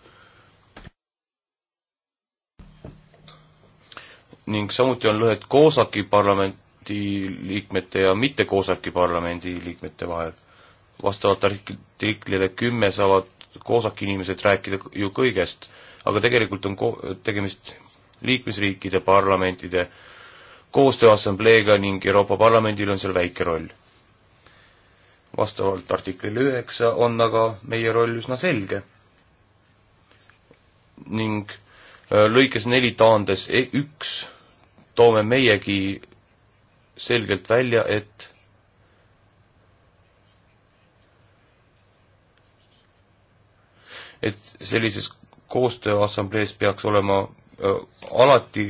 ning samuti on lõhed Koosaki parlamendi liikmete ja mitte Koosaki parlamendi liikmete vahel. vastavalt artiklile kümme saavad koosaki inimesed rääkida ju kõigest, aga tegelikult on ko-, tegemist liikmesriikide parlamentide koostööassambleega ning Euroopa Parlamendil on seal väike roll. vastavalt artiklile üheksa on aga meie roll üsna selge. ning äh, lõikes neli taandes e üks toome meiegi selgelt välja, et et sellises koostööassamblees peaks olema äh, alati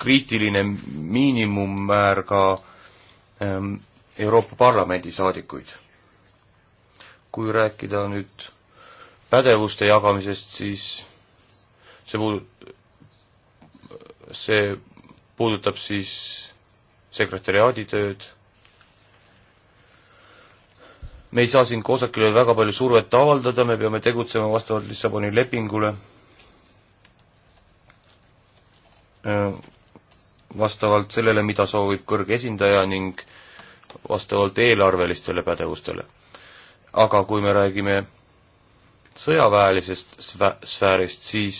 kriitiline miinimummäär ka ähm, Euroopa Parlamendi saadikuid. kui rääkida nüüd pädevuste jagamisest, siis see puudut-, see puudutab siis sekretäriaadi tööd me ei saa siin Kosakile väga palju survet avaldada, me peame tegutsema vastavalt Lissaboni lepingule, äh, vastavalt sellele, mida soovib kõrge esindaja ning vastavalt eelarvelistele pädevustele. aga kui me räägime sõjaväelisest sfäärist, siis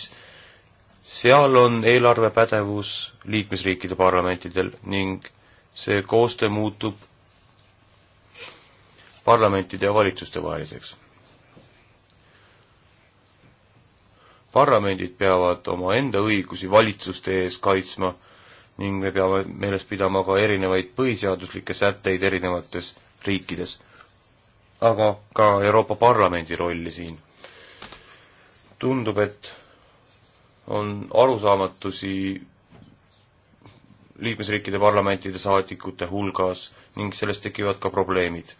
seal on eelarvepädevus liikmesriikide parlamentidel ning see koostöö muutub parlamentide ja valitsuste vaheliseks. parlamendid peavad omaenda õigusi valitsuste ees kaitsma ning me peame meeles pidama ka erinevaid põhiseaduslikke sätteid erinevates riikides, aga ka Euroopa Parlamendi rolli siin. tundub, et on arusaamatusi liikmesriikide parlamentide saadikute hulgas ning sellest tekivad ka probleemid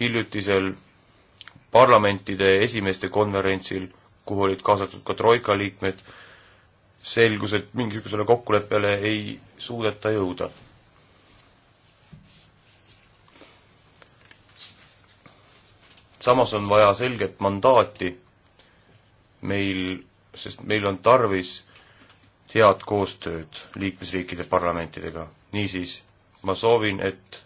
hiljutisel parlamentide esimeeste konverentsil, kuhu olid kaasatud ka Troika liikmed, selgus, et mingisugusele kokkuleppele ei suudeta jõuda. samas on vaja selget mandaati meil, sest meil on tarvis head koostööd liikmesriikide parlamentidega. niisiis, ma soovin, et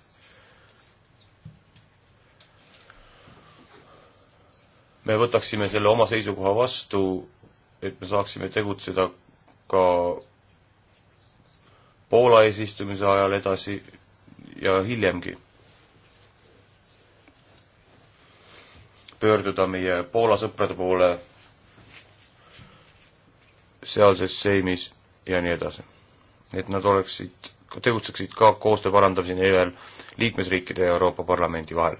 me võtaksime selle oma seisukoha vastu, et me saaksime tegutseda ka Poola eesistumise ajal edasi ja hiljemgi. pöörduda meie Poola sõprade poole sealses seimis ja nii edasi. et nad oleksid, tegutseksid ka koostöö parandamiseni veel liikmesriikide ja Euroopa Parlamendi vahel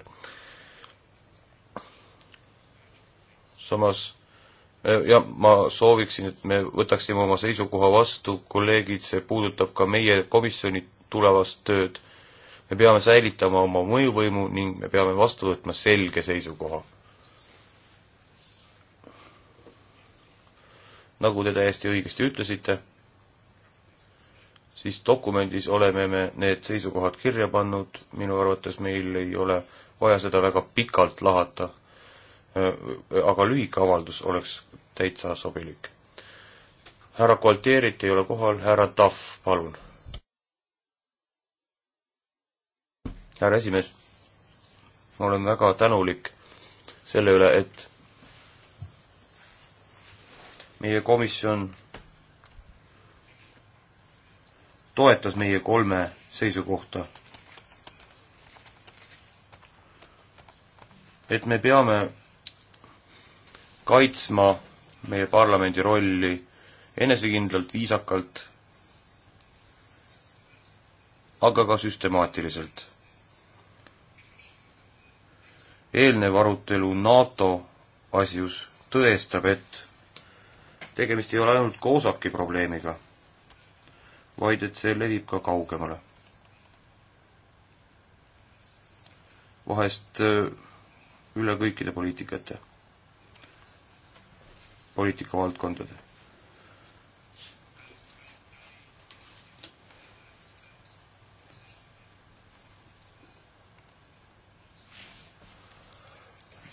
samas jah, ma sooviksin, et me võtaksime oma seisukoha vastu, kolleegid, see puudutab ka meie komisjoni tulevast tööd. me peame säilitama oma mõjuvõimu ning me peame vastu võtma selge seisukoha. nagu te täiesti õigesti ütlesite, siis dokumendis oleme me need seisukohad kirja pannud, minu arvates meil ei ole vaja seda väga pikalt lahata Äh, aga lühike avaldus oleks täitsa sobilik. härra Gualtierit ei ole kohal, härra Tahv, palun. härra esimees, ma olen väga tänulik selle üle, et meie komisjon toetas meie kolme seisukohta. et me peame kaitsma meie parlamendi rolli enesekindlalt, viisakalt, aga ka süstemaatiliselt. eelnev arutelu NATO asjus tõestab, et tegemist ei ole ainult Kosaki probleemiga, vaid et see levib ka kaugemale. vahest äh, üle kõikide poliitikate poliitikavaldkondade.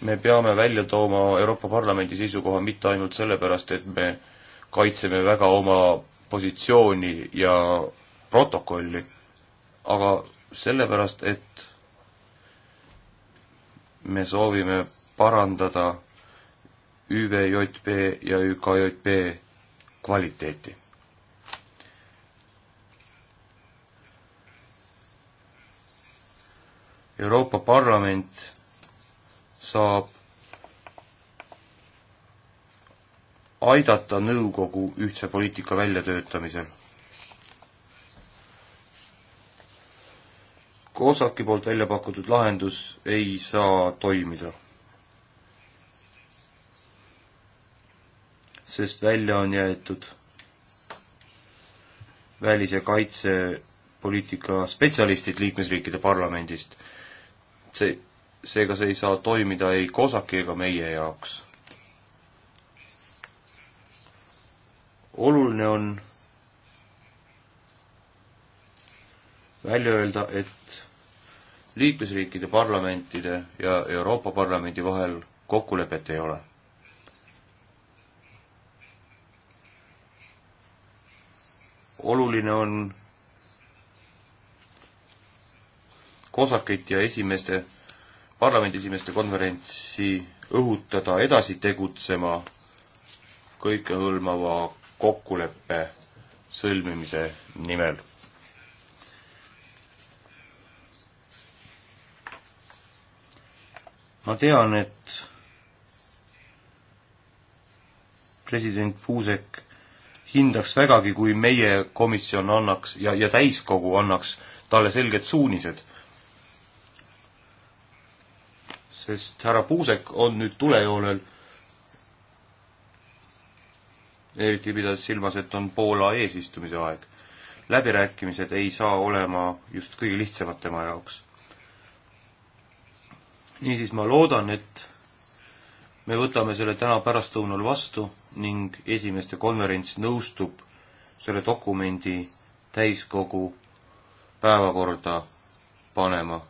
me peame välja tooma Euroopa Parlamendi seisukoha mitte ainult sellepärast, et me kaitseme väga oma positsiooni ja protokolli, aga sellepärast, et me soovime parandada ÜVJP ja ÜKJP kvaliteeti. Euroopa Parlament saab aidata nõukogu ühtse poliitika väljatöötamisel. Kosaki poolt välja pakutud lahendus ei saa toimida sest välja on jäetud välis- ja kaitsepoliitika spetsialistid liikmesriikide parlamendist. see, seega see ei saa toimida ei COSAC-i ega meie jaoks. oluline on välja öelda, et liikmesriikide parlamentide ja Euroopa Parlamendi vahel kokkulepet ei ole oluline on Kosakit ja esimeste, parlamendiesimeeste konverentsi õhutada edasi tegutsema kõikehõlmava kokkuleppe sõlmimise nimel. ma tean, et president Puusek hindaks vägagi, kui meie komisjon annaks ja, ja täiskogu annaks talle selged suunised. sest härra Puusek on nüüd tulejoonel, eriti pidades silmas, et on Poola eesistumise aeg. läbirääkimised ei saa olema just kõige lihtsamad tema jaoks. niisiis ma loodan, et me võtame selle täna pärastlõunal vastu ning esimeste konverents nõustub selle dokumendi täiskogu päevakorda panema.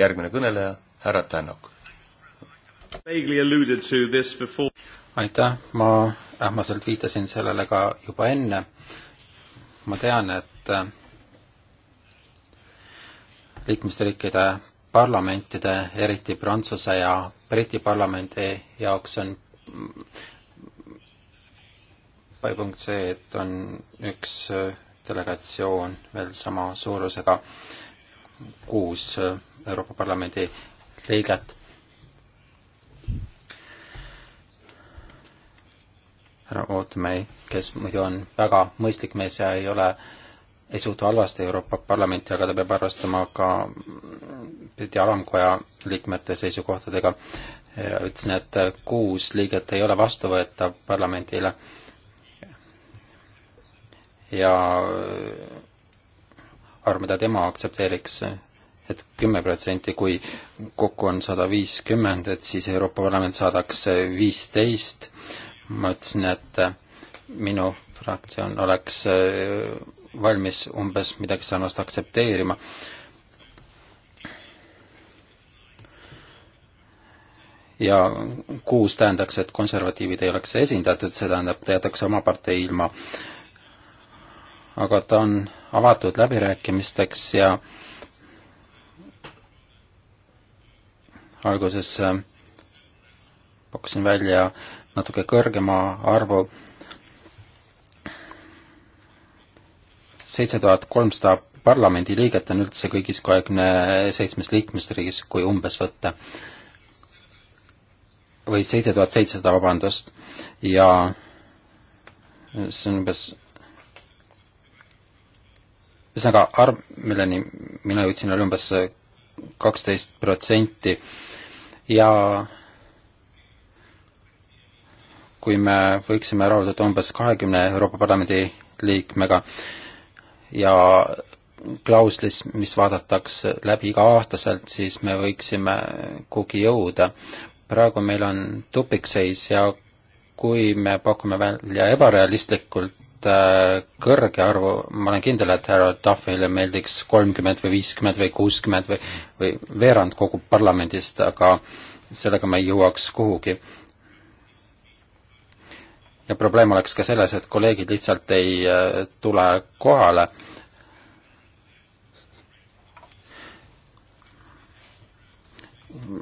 järgmine kõneleja, härra Tänak. aitäh, ma ähmaselt viitasin sellele ka juba enne. ma tean, et äh, liikmesriikide parlamentide, eriti Prantsuse ja Briti parlamendi jaoks on punkt see, et on üks äh, delegatsioon veel sama suurusega, kuus äh, Euroopa Parlamendi liiget. härra Ootmei, kes muidu on väga mõistlik mees ja ei ole äh, ei suhtu halvasti Euroopa Parlamenti, aga ta peab arvestama ka pidi alamkoja liikmete seisukohtadega. ütlesin, et kuus liiget ei ole vastuvõetav parlamendile. ja arv, mida tema aktsepteeriks, et kümme protsenti, kui kokku on sada viiskümmend, et siis Euroopa Parlament saadaks viisteist. ma ütlesin, et minu fraktsioon oleks äh, valmis umbes midagi sarnast aktsepteerima. ja kuus tähendaks, et konservatiivid ei oleks esindatud, see tähendab, jäetakse oma partei ilma. aga ta on avatud läbirääkimisteks ja alguses äh, pakkusin välja natuke kõrgema arvu seitse tuhat kolmsada parlamendiliiget on üldse kõigis kahekümne seitsmes liikmesriigis, kui umbes võtta. või seitse tuhat seitsesada, vabandust, ja see on umbes ühesõnaga, arv, milleni mina jõudsin, oli umbes kaksteist protsenti ja kui me võiksime rahulduda umbes kahekümne Euroopa Parlamendi liikmega, ja klauslis, mis vaadatakse läbi iga-aastaselt, siis me võiksime kuhugi jõuda. praegu meil on tupikseis ja kui me pakume välja ebarealistlikult äh, kõrge arvu, ma olen kindel, et härra Duffile meeldiks kolmkümmend või viiskümmend või kuuskümmend või, või veerand kogu parlamendist, aga sellega me ei jõuaks kuhugi ja probleem oleks ka selles, et kolleegid lihtsalt ei äh, tule kohale.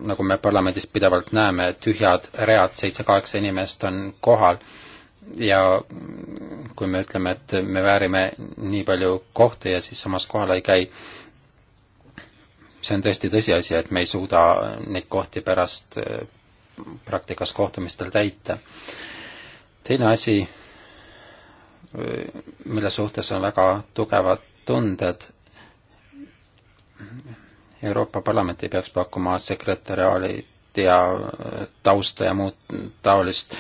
nagu me parlamendis pidevalt näeme, tühjad read, seitse-kaheksa inimest on kohal ja kui me ütleme, et me väärime nii palju kohti ja siis samas kohal ei käi, see on tõesti tõsiasi, et me ei suuda neid kohti pärast äh, praktikas kohtumistel täita teine asi, mille suhtes on väga tugevad tunded, Euroopa Parlament ei peaks pakkuma sekretäriaali ja tausta ja muud taolist,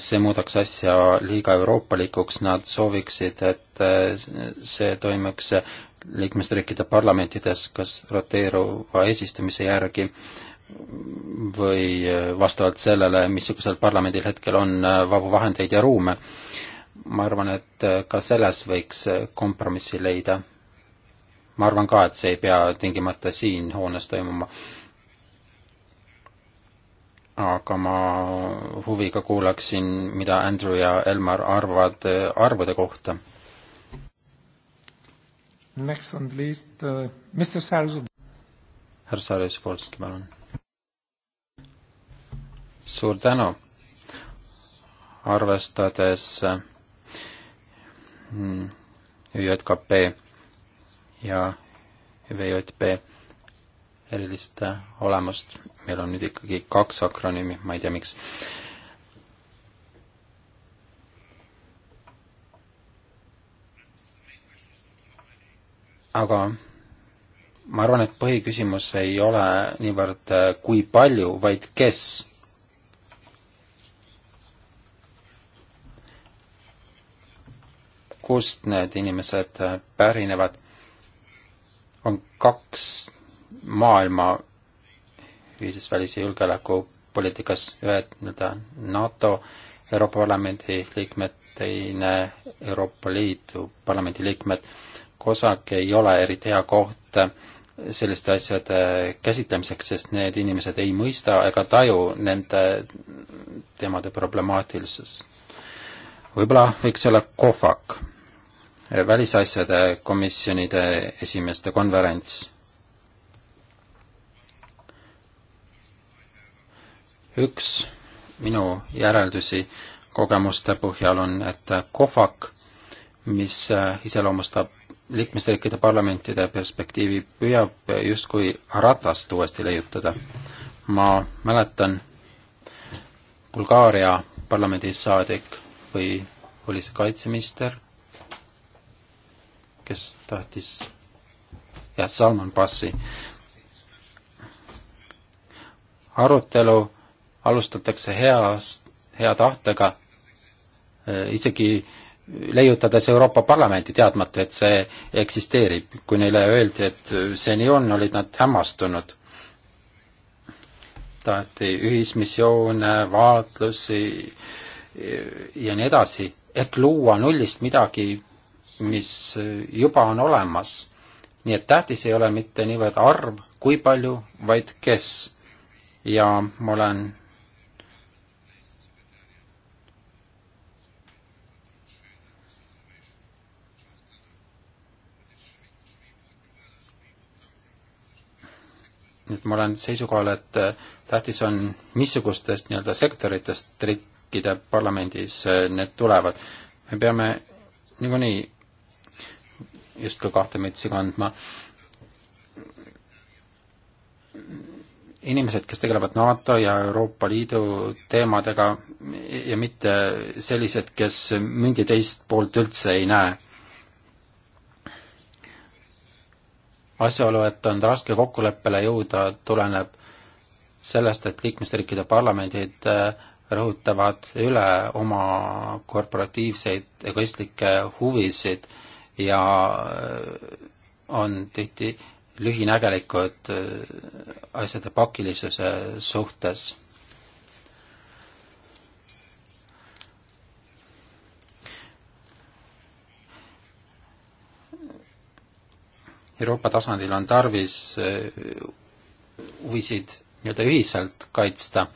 see muudaks asja liiga euroopalikuks, nad sooviksid, et see toimuks liikmesriikide parlamentides kas roteeruva eesistumise järgi või äh, vastavalt sellele, missugusel parlamendil hetkel on äh, vabu vahendeid ja ruume. ma arvan, et äh, ka selles võiks kompromissi leida. ma arvan ka, et see ei pea tingimata siin hoones toimuma. aga ma huviga kuulaksin, mida Andrew ja Elmar arvavad arvude kohta. Next on the list uh,, Mr Sarzu. härra Sarjusvolski, palun suur tänu, arvestades ÜJKP hmm, ja VJP erilist olemust, meil on nüüd ikkagi kaks akronüümi, ma ei tea, miks. aga ma arvan, et põhiküsimus ei ole niivõrd eh, kui palju, vaid kes kust need inimesed pärinevad, on kaks maailma ühises välis- ja julgeolekupoliitikas, ühed nii-öelda NATO Euroopa Parlamendi liikmed, teine Euroopa Liidu Parlamendi liikmed. COSAC ei ole eriti hea koht selliste asjade käsitlemiseks, sest need inimesed ei mõista ega taju nende teemade problemaatilisust. võib-olla võiks olla COFAC välisasjade komisjonide esimeeste konverents. üks minu järeldusi kogemuste põhjal on, et kohvak, mis iseloomustab liikmesriikide parlamentide perspektiivi, püüab justkui ratast uuesti leiutada. ma mäletan, Bulgaaria parlamendisaadik või oli see kaitseminister kes tahtis, jah, Salman Passi. arutelu alustatakse heast, hea tahtega, eh, isegi leiutades Euroopa Parlamenti, teadmata, et see eksisteerib. kui neile öeldi, et see nii on, olid nad hämmastunud. taheti ühismissioone, vaatlusi eh, ja nii edasi, ehk luua nullist midagi mis juba on olemas. nii et tähtis ei ole mitte niivõrd arv, kui palju, vaid kes. ja ma olen et ma olen seisukohal, et tähtis on, missugustest nii-öelda sektoritest riikide parlamendis need tulevad. me peame niikuinii justkui kahte mütsi kandma. inimesed, kes tegelevad NATO ja Euroopa Liidu teemadega ja mitte sellised, kes mingi teist poolt üldse ei näe. asjaolu, et on raske kokkuleppele jõuda, tuleneb sellest, et liikmesriikide parlamendid äh, rõhutavad üle oma korporatiivseid egoistlikke huvisid ja äh, on tihti lühinägelikud äh, asjade pakilisuse suhtes Euroopa tasandil on tarvis äh, huvisid nii-öelda ühiselt kaitsta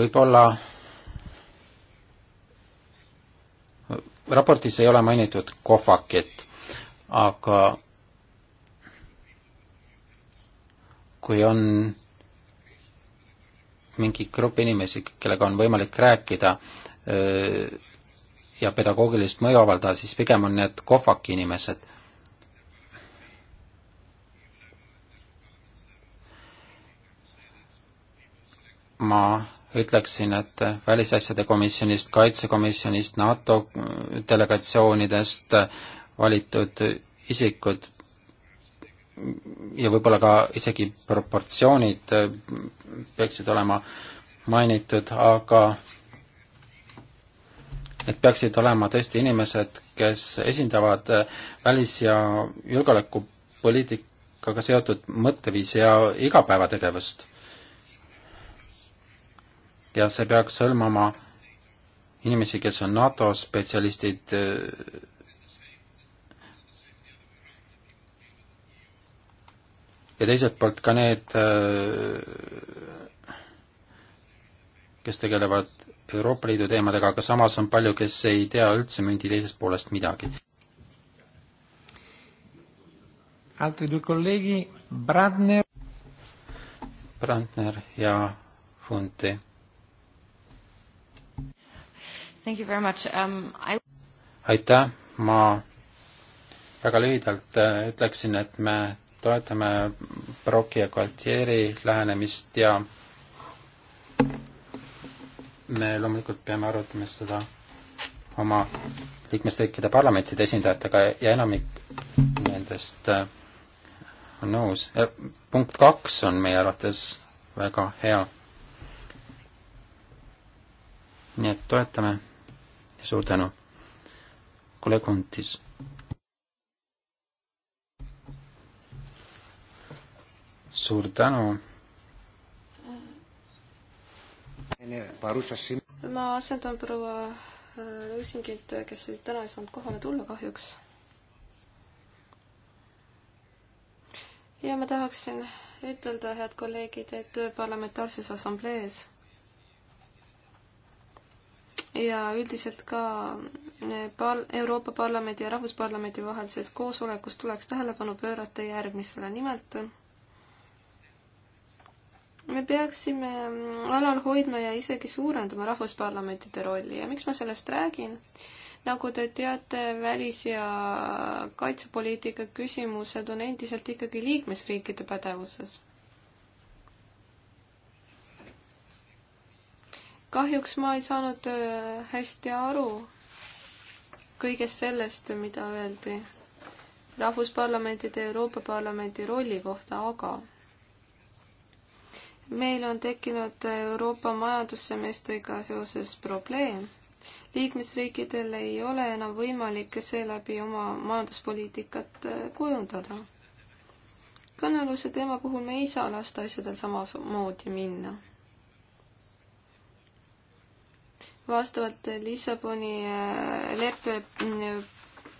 võib-olla raportis ei ole mainitud kohvakit, aga kui on mingi grupp inimesi, kellega on võimalik rääkida ja pedagoogilist mõju avaldada, siis pigem on need kohvaki inimesed. ma ütleksin, et välisasjade komisjonist, kaitsekomisjonist, NATO delegatsioonidest valitud isikud ja võib-olla ka isegi proportsioonid peaksid olema mainitud, aga et peaksid olema tõesti inimesed, kes esindavad välis- ja julgeolekupoliitikaga seotud mõtteviisi ja igapäevategevust ja see peaks hõlmama inimesi, kes on NATO spetsialistid, äh, ja teiselt poolt ka need, äh, kes tegelevad Euroopa Liidu teemadega, aga samas on palju, kes ei tea üldse mündi teisest poolest midagi. altri due colleghi, Brandner. Brandner ja Fonte Um, I... aitäh, ma väga lühidalt äh, ütleksin, et me toetame Brocki ja Gualtieri lähenemist ja me loomulikult peame arutama seda oma liikmesriikide parlamentide esindajatega ja enamik nendest äh, on nõus. punkt kaks on meie arvates väga hea. nii et toetame suur tänu. kolleeg Huntis. suur tänu. ma asendan proua äh, Lõusingit, kes täna ei saanud kohale tulla kahjuks. ja ma tahaksin ütelda, head kolleegid, et Parlamentaarses Assamblees ja üldiselt ka eh, pal-, Euroopa Parlamendi ja Rahvusparlamendi vahelises koosolekus tuleks tähelepanu pöörata järgmisele, nimelt me peaksime mm, alal hoidma ja isegi suurendama rahvusparlamentide rolli ja miks ma sellest räägin? nagu te teate, välis- ja kaitsepoliitika küsimused on endiselt ikkagi liikmesriikide pädevuses kahjuks ma ei saanud äh, hästi aru kõigest sellest, mida öeldi rahvusparlamentide ja Euroopa Parlamendi rolli kohta, aga meil on tekkinud Euroopa majandussemestriga seoses probleem. liikmesriikidel ei ole enam võimalik seeläbi oma majanduspoliitikat äh, kujundada. kõnealuse teema puhul me ei saa lasta asjadel samamoodi minna vastavalt Lissaboni äh, leppe mm,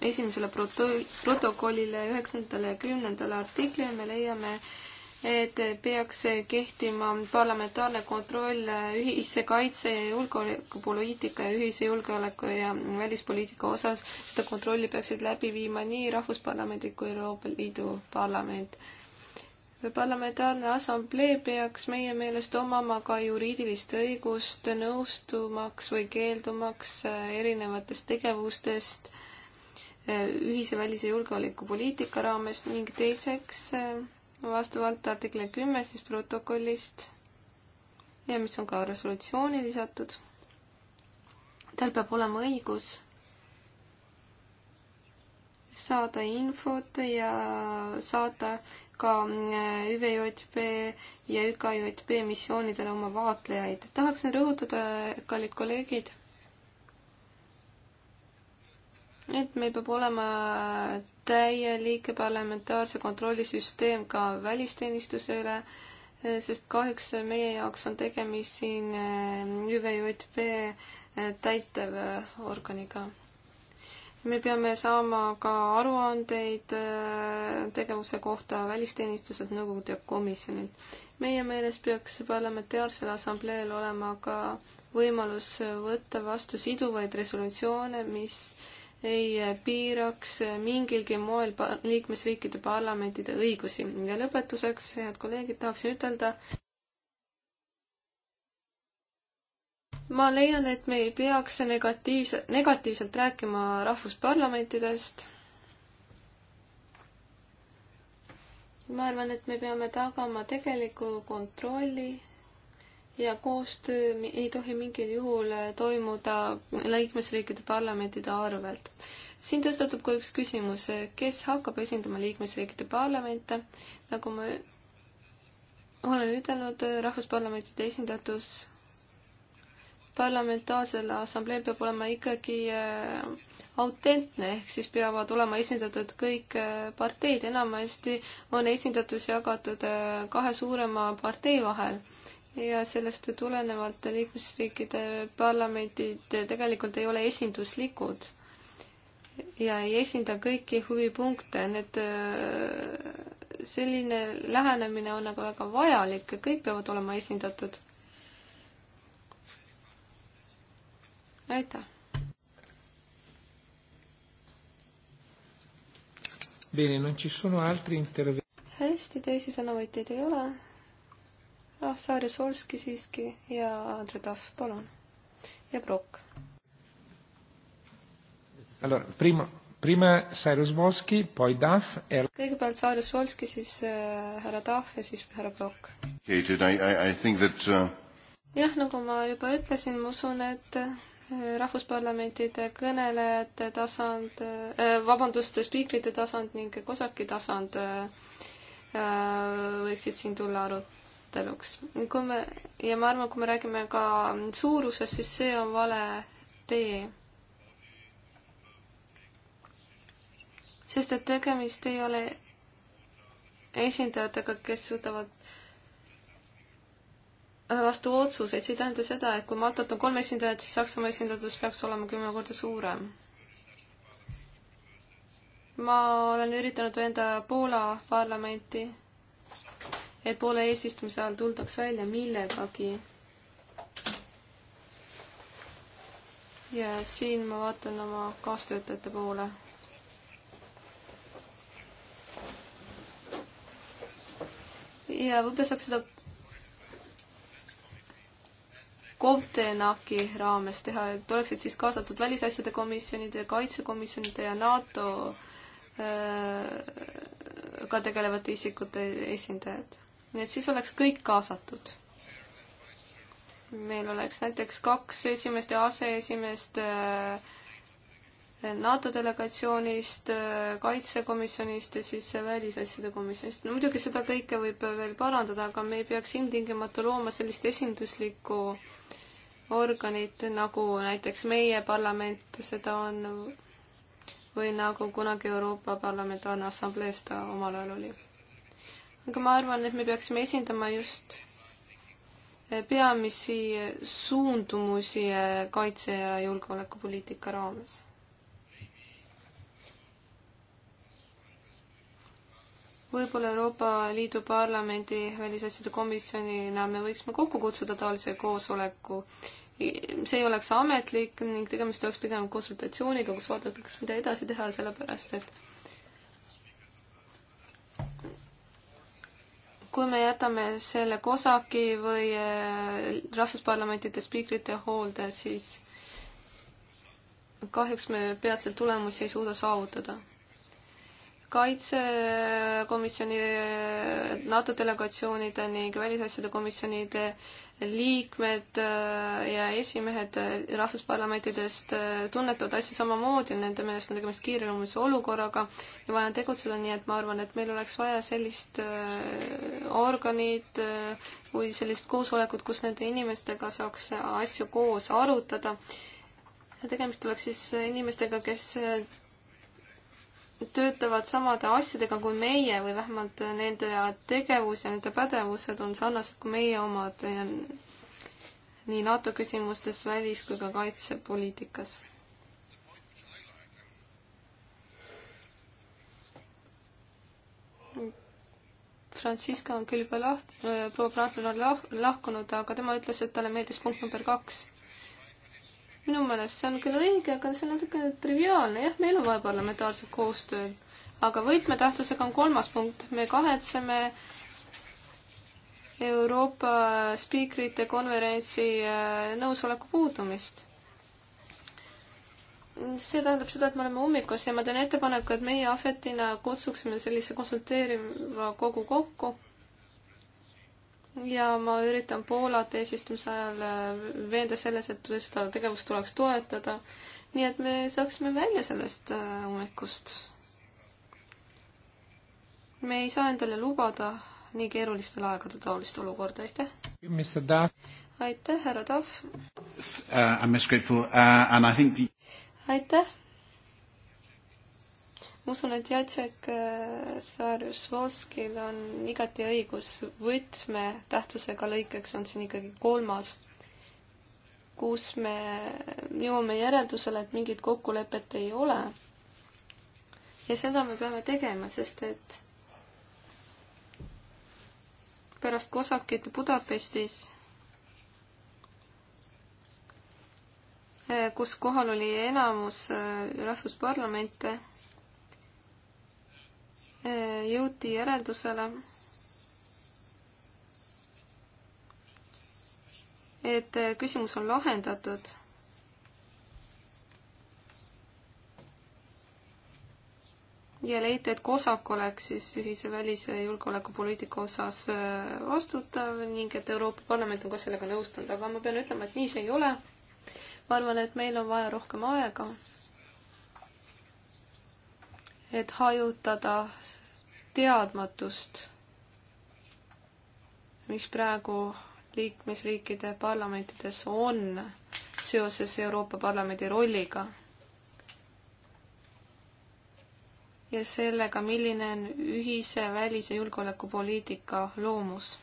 esimesele proto-, protokollile üheksandale ja kümnendale artiklile me leiame, et peaks kehtima parlamentaarne kontroll äh, ühise kaitse ja julgeolekupoliitika ja ühise julgeoleku ja välispoliitika osas. seda kontrolli peaksid läbi viima nii Rahvusparlamendid kui Euroopa Liidu parlament parlamentaarne assamblee peaks meie meelest omama ka juriidilist õigust nõustumaks või keeldumaks äh, erinevatest tegevustest äh, ühise välis- ja julgeolekupoliitika raames ning teiseks äh, vastavalt artikli kümme siis protokollist ja mis on ka resolutsiooni lisatud. tal peab olema õigus saada infot ja saada ka äh, ÜVJP ja ÜKJP missioonidele oma vaatlejaid. tahaksin rõhutada, kallid kolleegid, et meil peab olema täielik parlamentaarse kontrollisüsteem ka välisteenistuse üle, äh, sest kahjuks meie jaoks on tegemist siin äh, ÜVJP täitevorganiga me peame saama ka aruandeid äh, tegevuse kohta välisteenistuselt, nõukogult ja komisjonilt. meie meelest peaks parlamentaarsel assambleel olema ka võimalus võtta vastu siduvaid resolutsioone, mis ei piiraks mingilgi moel liikmesriikide parlamentide õigusi. ja lõpetuseks, head kolleegid, tahaksin ütelda, ma leian, et me ei peaks negatiivse, negatiivselt rääkima rahvusparlamentidest. ma arvan, et me peame tagama tegeliku kontrolli ja koostöö ei tohi mingil juhul toimuda liikmesriikide parlamentide arvelt. siin tõstatub ka üks küsimus, kes hakkab esindama liikmesriikide parlamente, nagu ma olen ütelnud, rahvusparlamentide esindatus parlamentaarsel assambleel peab olema ikkagi äh, autentne, ehk siis peavad olema esindatud kõik äh, parteid, enamasti on esindatus jagatud äh, kahe suurema partei vahel. ja sellest tulenevalt liikmesriikide parlamendid tegelikult ei ole esinduslikud ja ei esinda kõiki huvipunkte, need selline lähenemine on aga väga vajalik ja kõik peavad olema esindatud aitäh! Bene, non ci sono altri interve-. hästi, teisi sõnavõtjaid ei ole. ah, Saarja Solski siiski ja Andre Tahv, palun. ja Prokk. Allora, prima, prima Cyrus Wolski, poi Duff e... kõigepealt Cyrus Wolski, siis äh, härra Duff ja siis härra Brock. Uh, jah, nagu ma juba ütlesin, ma usun, et rahvusparlamentide kõnelejate tasand, äh, vabandust, spiikrite tasand ning COSAC-i tasand äh, võiksid siin tulla aruteluks. kui me, ja ma arvan, kui me räägime ka suurusest, siis see on vale tee. sest et tegemist ei ole esindajatega, kes suudavad äh, vastu otsuseid, see ei tähenda seda, et kui Maltat on kolm esindajat, siis Saksamaa esindatus peaks olema kümme korda suurem. ma olen üritanud veenda Poola parlamenti, et Poola eesistumise ajal tuldaks välja millegagi. ja siin ma vaatan oma kaastöötajate poole ja võib-olla saaks seda COVTENAC-i raames teha, et oleksid siis kaasatud välisasjade komisjonide, kaitsekomisjonide ja NATO äh, ka tegelevate isikute esindajad. nii et siis oleks kõik kaasatud. meil oleks näiteks kaks esimest ja aseesimeest äh, NATO delegatsioonist, äh, kaitsekomisjonist ja siis välisasjade komisjonist. no muidugi seda kõike võib veel parandada, aga me ei peaks ilmtingimata looma sellist esinduslikku äh, organid, nagu näiteks meie parlament seda on või nagu kunagi Euroopa Parlamentaarne Assamblee seda omal ajal oli. aga ma arvan, et me peaksime esindama just peamisi suundumusi kaitse- ja julgeolekupoliitika raames. võib-olla Euroopa Liidu Parlamendi välisasjade komisjonina me võiksime kokku kutsuda taolise koosoleku äh, see ei oleks ametlik ning tegemist oleks pigem konsultatsiooniga, kus vaadatakse, mida edasi teha, sellepärast et kui me jätame selle COSAC-i või äh, rahvusparlamentide spiikrite hoolde, siis kahjuks me peatselt tulemusi ei suuda saavutada kaitsekomisjoni, NATO delegatsioonide ning välisasjade komisjonide liikmed äh, ja esimehed äh, rahvusparlamentidest äh, tunnetavad asju samamoodi, nende meelest on tegemist kiireloomulise olukorraga ja vaja on tegutseda, nii et ma arvan, et meil oleks vaja sellist organit või sellist koosolekut, kus nende inimestega saaks asju koos arutada. tegemist oleks siis inimestega, kes töötavad samade asjadega kui meie või vähemalt nende tegevus ja nende pädevused on sarnased kui meie omad ja nii NATO küsimustes, välis- kui ka kaitsepoliitikas. Francisca on küll juba laht-, proua Brandner on lah-, lahkunud, aga tema ütles, et talle meeldis punkt number kaks minu meelest see on küll õige, aga see on natukene triviaalne, jah, meil on vaja parlamentaarset koostööd, aga võtmetähtsusega on kolmas punkt, me kahetseme Euroopa spiikrite konverentsi äh, nõusoleku puudumist. see tähendab seda, et me oleme ummikus ja ma teen ettepaneku, et meie ahvetina kutsuksime sellise konsulteeriva kogu kokku ja ma üritan Poolat eesistumise ajal äh, veenda selles, et seda tegevust tuleks toetada, nii et me saaksime välja sellest äh, ummikust. me ei saa endale lubada nii keerulistel aegadel taolist olukorda, aitäh! aitäh, härra uh, Tahv! Uh, aitäh! ma usun, et Jacek äh, Saarjus-Volskil on igati õigus, võtmetähtsusega lõikeks on siin ikkagi kolmas, kus me jõuame järeldusele, et mingit kokkulepet ei ole. ja seda me peame tegema, sest et pärast kosakit Budapestis äh, kus kohal oli enamus äh, rahvusparlamente jõuti järeldusele, et küsimus on lahendatud. ja leiti, et COSAC oleks siis ühise välise julgeolekupoliitika osas äh, vastutav ning et Euroopa Parlament on ka sellega nõustunud, aga ma pean ütlema, et nii see ei ole. ma arvan, et meil on vaja rohkem aega et hajutada teadmatust, mis praegu liikmesriikide parlamentides on seoses Euroopa Parlamendi rolliga. ja sellega, milline on ühise välis- ja julgeolekupoliitika loomus.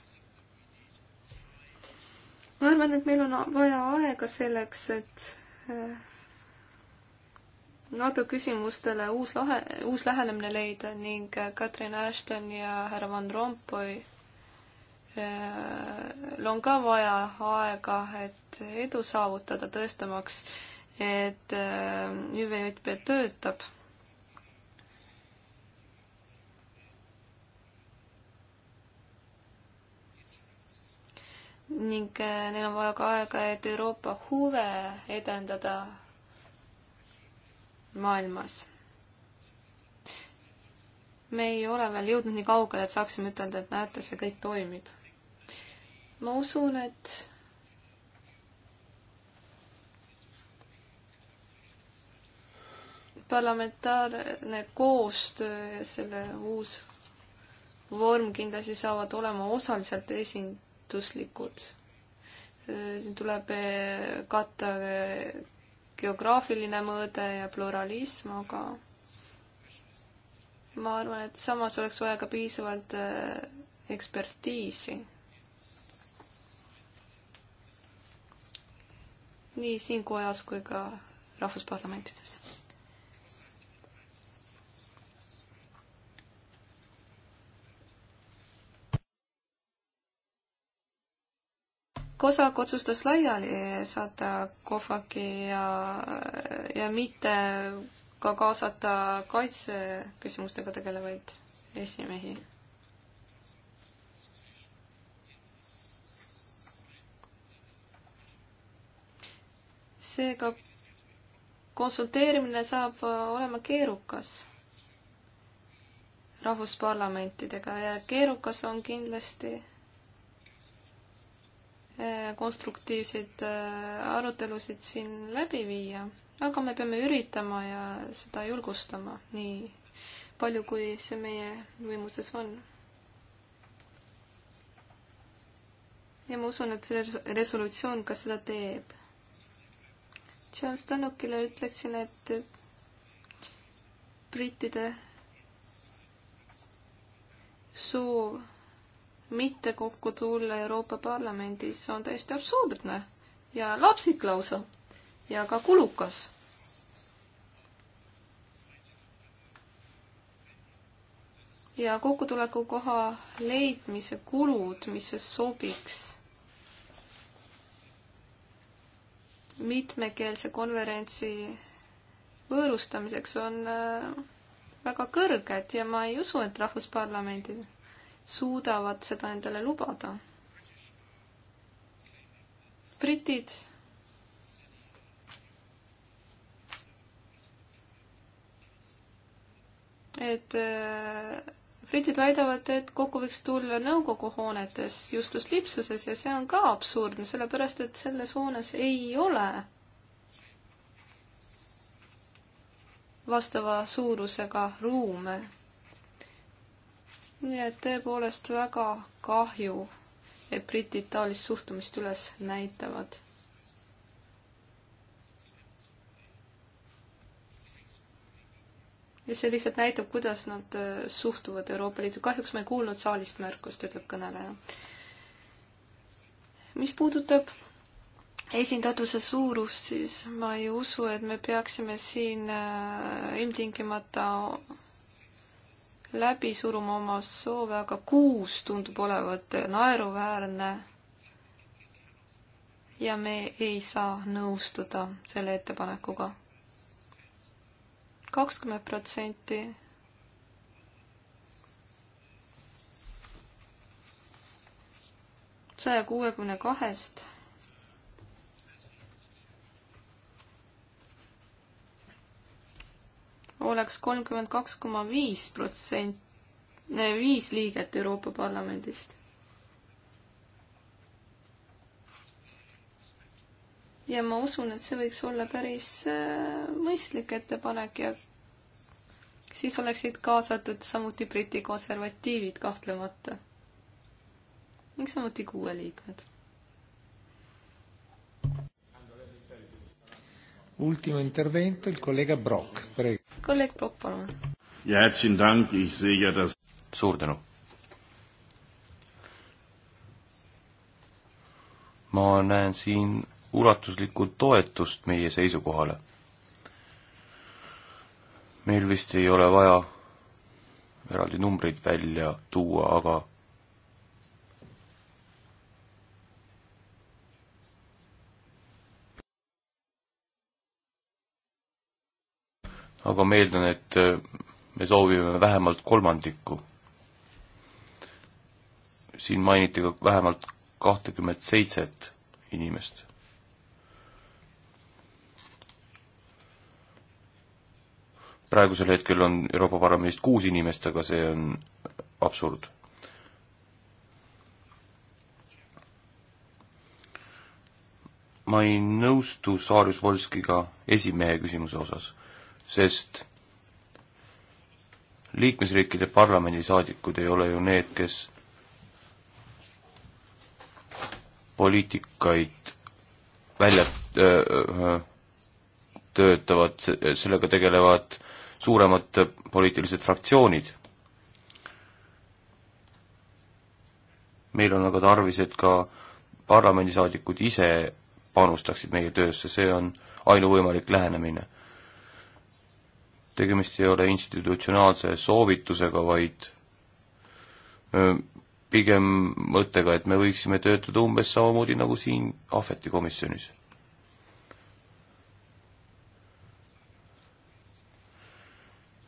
ma arvan, et meil on vaja aega selleks, et NATO küsimustele uus lahe, uus lähenemine leida ning Katrin Ashton ja härra Van Rompuy eh, on ka vaja aega, et edu saavutada, tõestamaks, et eh, ÜVJP töötab. ning eh, neil on vaja ka aega, et Euroopa huve edendada maailmas. me ei ole veel jõudnud nii kaugele, et saaksime ütelda, et näete, see kõik toimib. ma usun, et parlamentaarne koostöö ja selle uus vorm kindlasti saavad olema osaliselt esinduslikud. siin tuleb katta geograafiline mõõde ja pluralism, aga ma arvan, et samas oleks vaja ka piisavalt äh, ekspertiisi. nii siin kojas kui ka rahvusparlamentides Kosak otsustas laiali saata Kohvaki ja, ja mitte ka kaasata kaitseküsimustega tegelevaid esimehi. seega konsulteerimine saab olema keerukas rahvusparlamentidega ja keerukas on kindlasti Äh, konstruktiivseid äh, arutelusid siin läbi viia, aga me peame üritama ja seda julgustama nii palju, kui see meie võimuses on. ja ma usun, et see resolutsioon ka seda teeb. Charles Tanukile ütleksin, et brittide soov mitte kokku tulla Euroopa Parlamendis on täiesti absurdne ja lapsik lausa ja ka kulukas. ja kokkutuleku koha leidmise kulud, mis sobiks mitmekeelse konverentsi võõrustamiseks, on äh, väga kõrged ja ma ei usu, et rahvusparlamendid suudavad seda endale lubada. britid et äh, britid väidavad, et kokku võiks tulla nõukogu hoonetes Justus Lipsuses ja see on ka absurdne, sellepärast et selles hoones ei ole vastava suurusega ruume nii et tõepoolest väga kahju, et britid taolist suhtumist üles näitavad ja see lihtsalt näitab, kuidas nad äh, suhtuvad Euroopa Liidu. kahjuks ma ei kuulnud saalist märkust, ütleb kõneleja. mis puudutab esindatuse suurust, siis ma ei usu, et me peaksime siin äh, ilmtingimata läbi suruma oma soove, aga kuus tundub olevat naeruväärne. ja me ei saa nõustuda selle ettepanekuga. kakskümmend protsenti saja kuuekümne kahest oleks kolmkümmend kaks koma viis protsenti, eh, viis liiget Euroopa Parlamendist. ja ma usun, et see võiks olla päris eh, mõistlik ettepanek ja siis oleksid kaasatud samuti Briti konservatiivid kahtlemata ning samuti kuue liikmed Ultimo intervento il collega Brock. Prego kolleeg Prokk, palun. suur tänu. ma näen siin ulatuslikku toetust meie seisukohale. meil vist ei ole vaja eraldi numbreid välja tuua, aga aga ma eeldan, et äh, me soovime vähemalt kolmandikku. siin mainiti ka vähemalt kahtekümmet seitset inimest. praegusel hetkel on Euroopa Parlamendist kuus inimest, aga see on absurd. ma ei nõustu Saarjus Volskiga esimehe küsimuse osas sest liikmesriikide parlamendisaadikud ei ole ju need, kes poliitikaid välja öö, töötavad, sellega tegelevad suuremad poliitilised fraktsioonid. meil on aga tarvis, et ka parlamendisaadikud ise panustaksid meie töösse, see on ainuvõimalik lähenemine tegemist ei ole institutsionaalse soovitusega, vaid pigem mõttega, et me võiksime töötada umbes samamoodi nagu siin Ahveti komisjonis.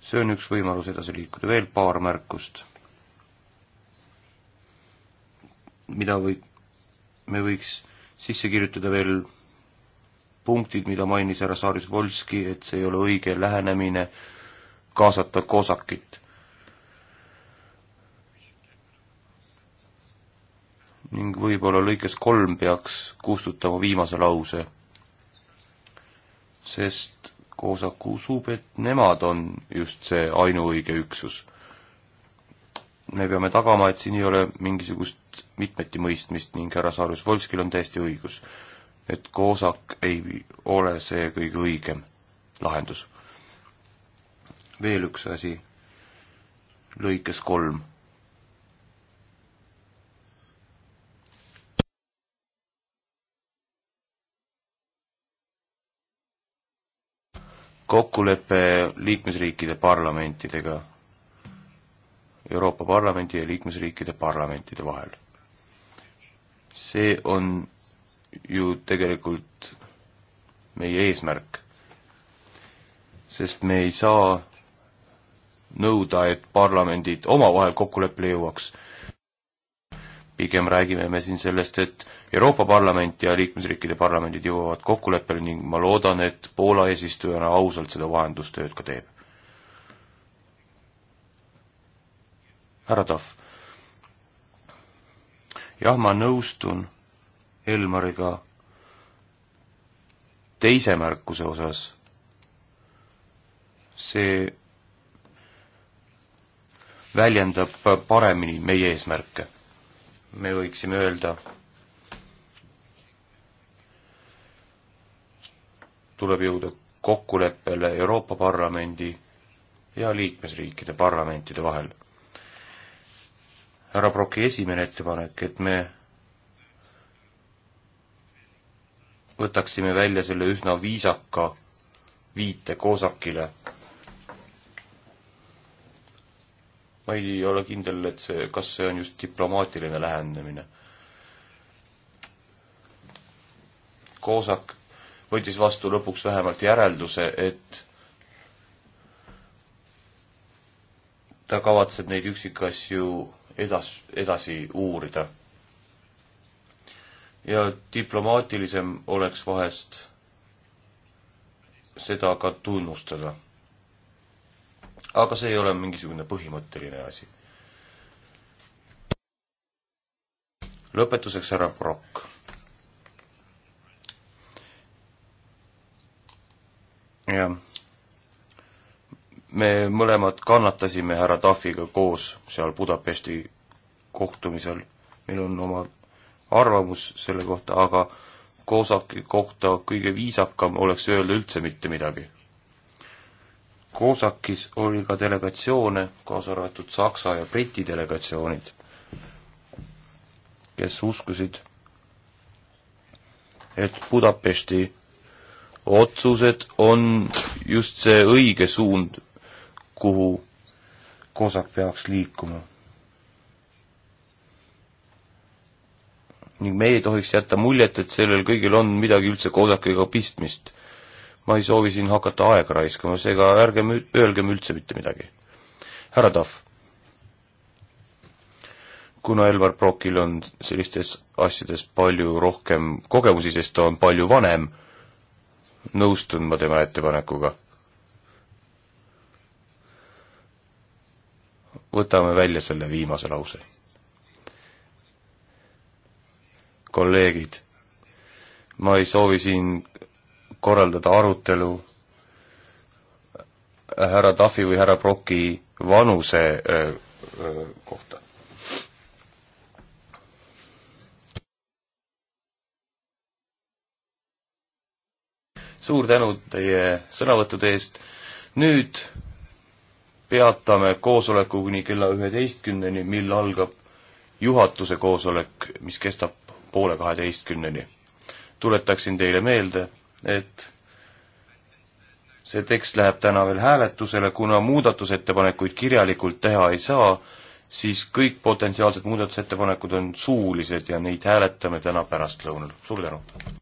see on üks võimalus edasi liikuda, veel paar märkust, mida või, me võiks sisse kirjutada veel punktid, mida mainis härra Saarjus-Volski, et see ei ole õige lähenemine kaasata kosakit. ning võib-olla lõikes kolm peaks kustutama viimase lause, sest koosak usub, et nemad on just see ainuõige üksus. me peame tagama, et siin ei ole mingisugust mitmetimõistmist ning härra Saarjus-Volskil on täiesti õigus et koosak ei ole see kõige õigem lahendus. veel üks asi, lõikes kolm. kokkulepe liikmesriikide parlamentidega, Euroopa Parlamendi ja liikmesriikide parlamentide vahel. see on ju tegelikult meie eesmärk. sest me ei saa nõuda, et parlamendid omavahel kokkuleppele jõuaks. pigem räägime me siin sellest, et Euroopa Parlament ja liikmesriikide parlamendid jõuavad kokkuleppele ning ma loodan, et Poola eesistujana ausalt seda vahendustööd ka teeb. härra Tahv. jah, ma nõustun Elmariga teise märkuse osas, see väljendab paremini meie eesmärke. me võiksime öelda, tuleb jõuda kokkuleppele Euroopa Parlamendi ja liikmesriikide parlamentide vahel. härra Broki esimene ettepanek, et me võtaksime välja selle üsna viisaka viite koosakile. ma ei ole kindel, et see, kas see on just diplomaatiline lähenemine. koosak võttis vastu lõpuks vähemalt järelduse, et ta kavatseb neid üksikasju edas, edasi uurida ja diplomaatilisem oleks vahest seda ka tunnustada. aga see ei ole mingisugune põhimõtteline asi. lõpetuseks härra Brock. jah. me mõlemad kannatasime härra Tafiga koos seal Budapesti kohtumisel. meil on omad arvamus selle kohta, aga Koosaki kohta kõige viisakam oleks öelda üldse mitte midagi. Koosakis oli ka delegatsioone, kaasa arvatud Saksa ja Briti delegatsioonid, kes uskusid, et Budapesti otsused on just see õige suund, kuhu Kosak peaks liikuma ning me ei tohiks jätta muljet, et sellel kõigil on midagi üldse koodakega pistmist. ma ei soovi siin hakata aega raiskama, seega ärgem öelgem üldse mitte midagi. härra Tahv, kuna Elvar Brokil on sellistes asjades palju rohkem kogemusi, sest ta on palju vanem, nõustun ma tema ettepanekuga. võtame välja selle viimase lause kolleegid, ma ei soovi siin korraldada arutelu äh, härra Tafi või härra Proki vanuse öö, äh, öö, äh, kohta. suur tänu teie sõnavõttude eest, nüüd peatame koosoleku kuni kella üheteistkümneni, mil algab juhatuse koosolek, mis kestab poole kaheteistkümneni. tuletaksin teile meelde, et see tekst läheb täna veel hääletusele, kuna muudatusettepanekuid kirjalikult teha ei saa, siis kõik potentsiaalsed muudatusettepanekud on suulised ja neid hääletame täna pärastlõunal. suur tänu!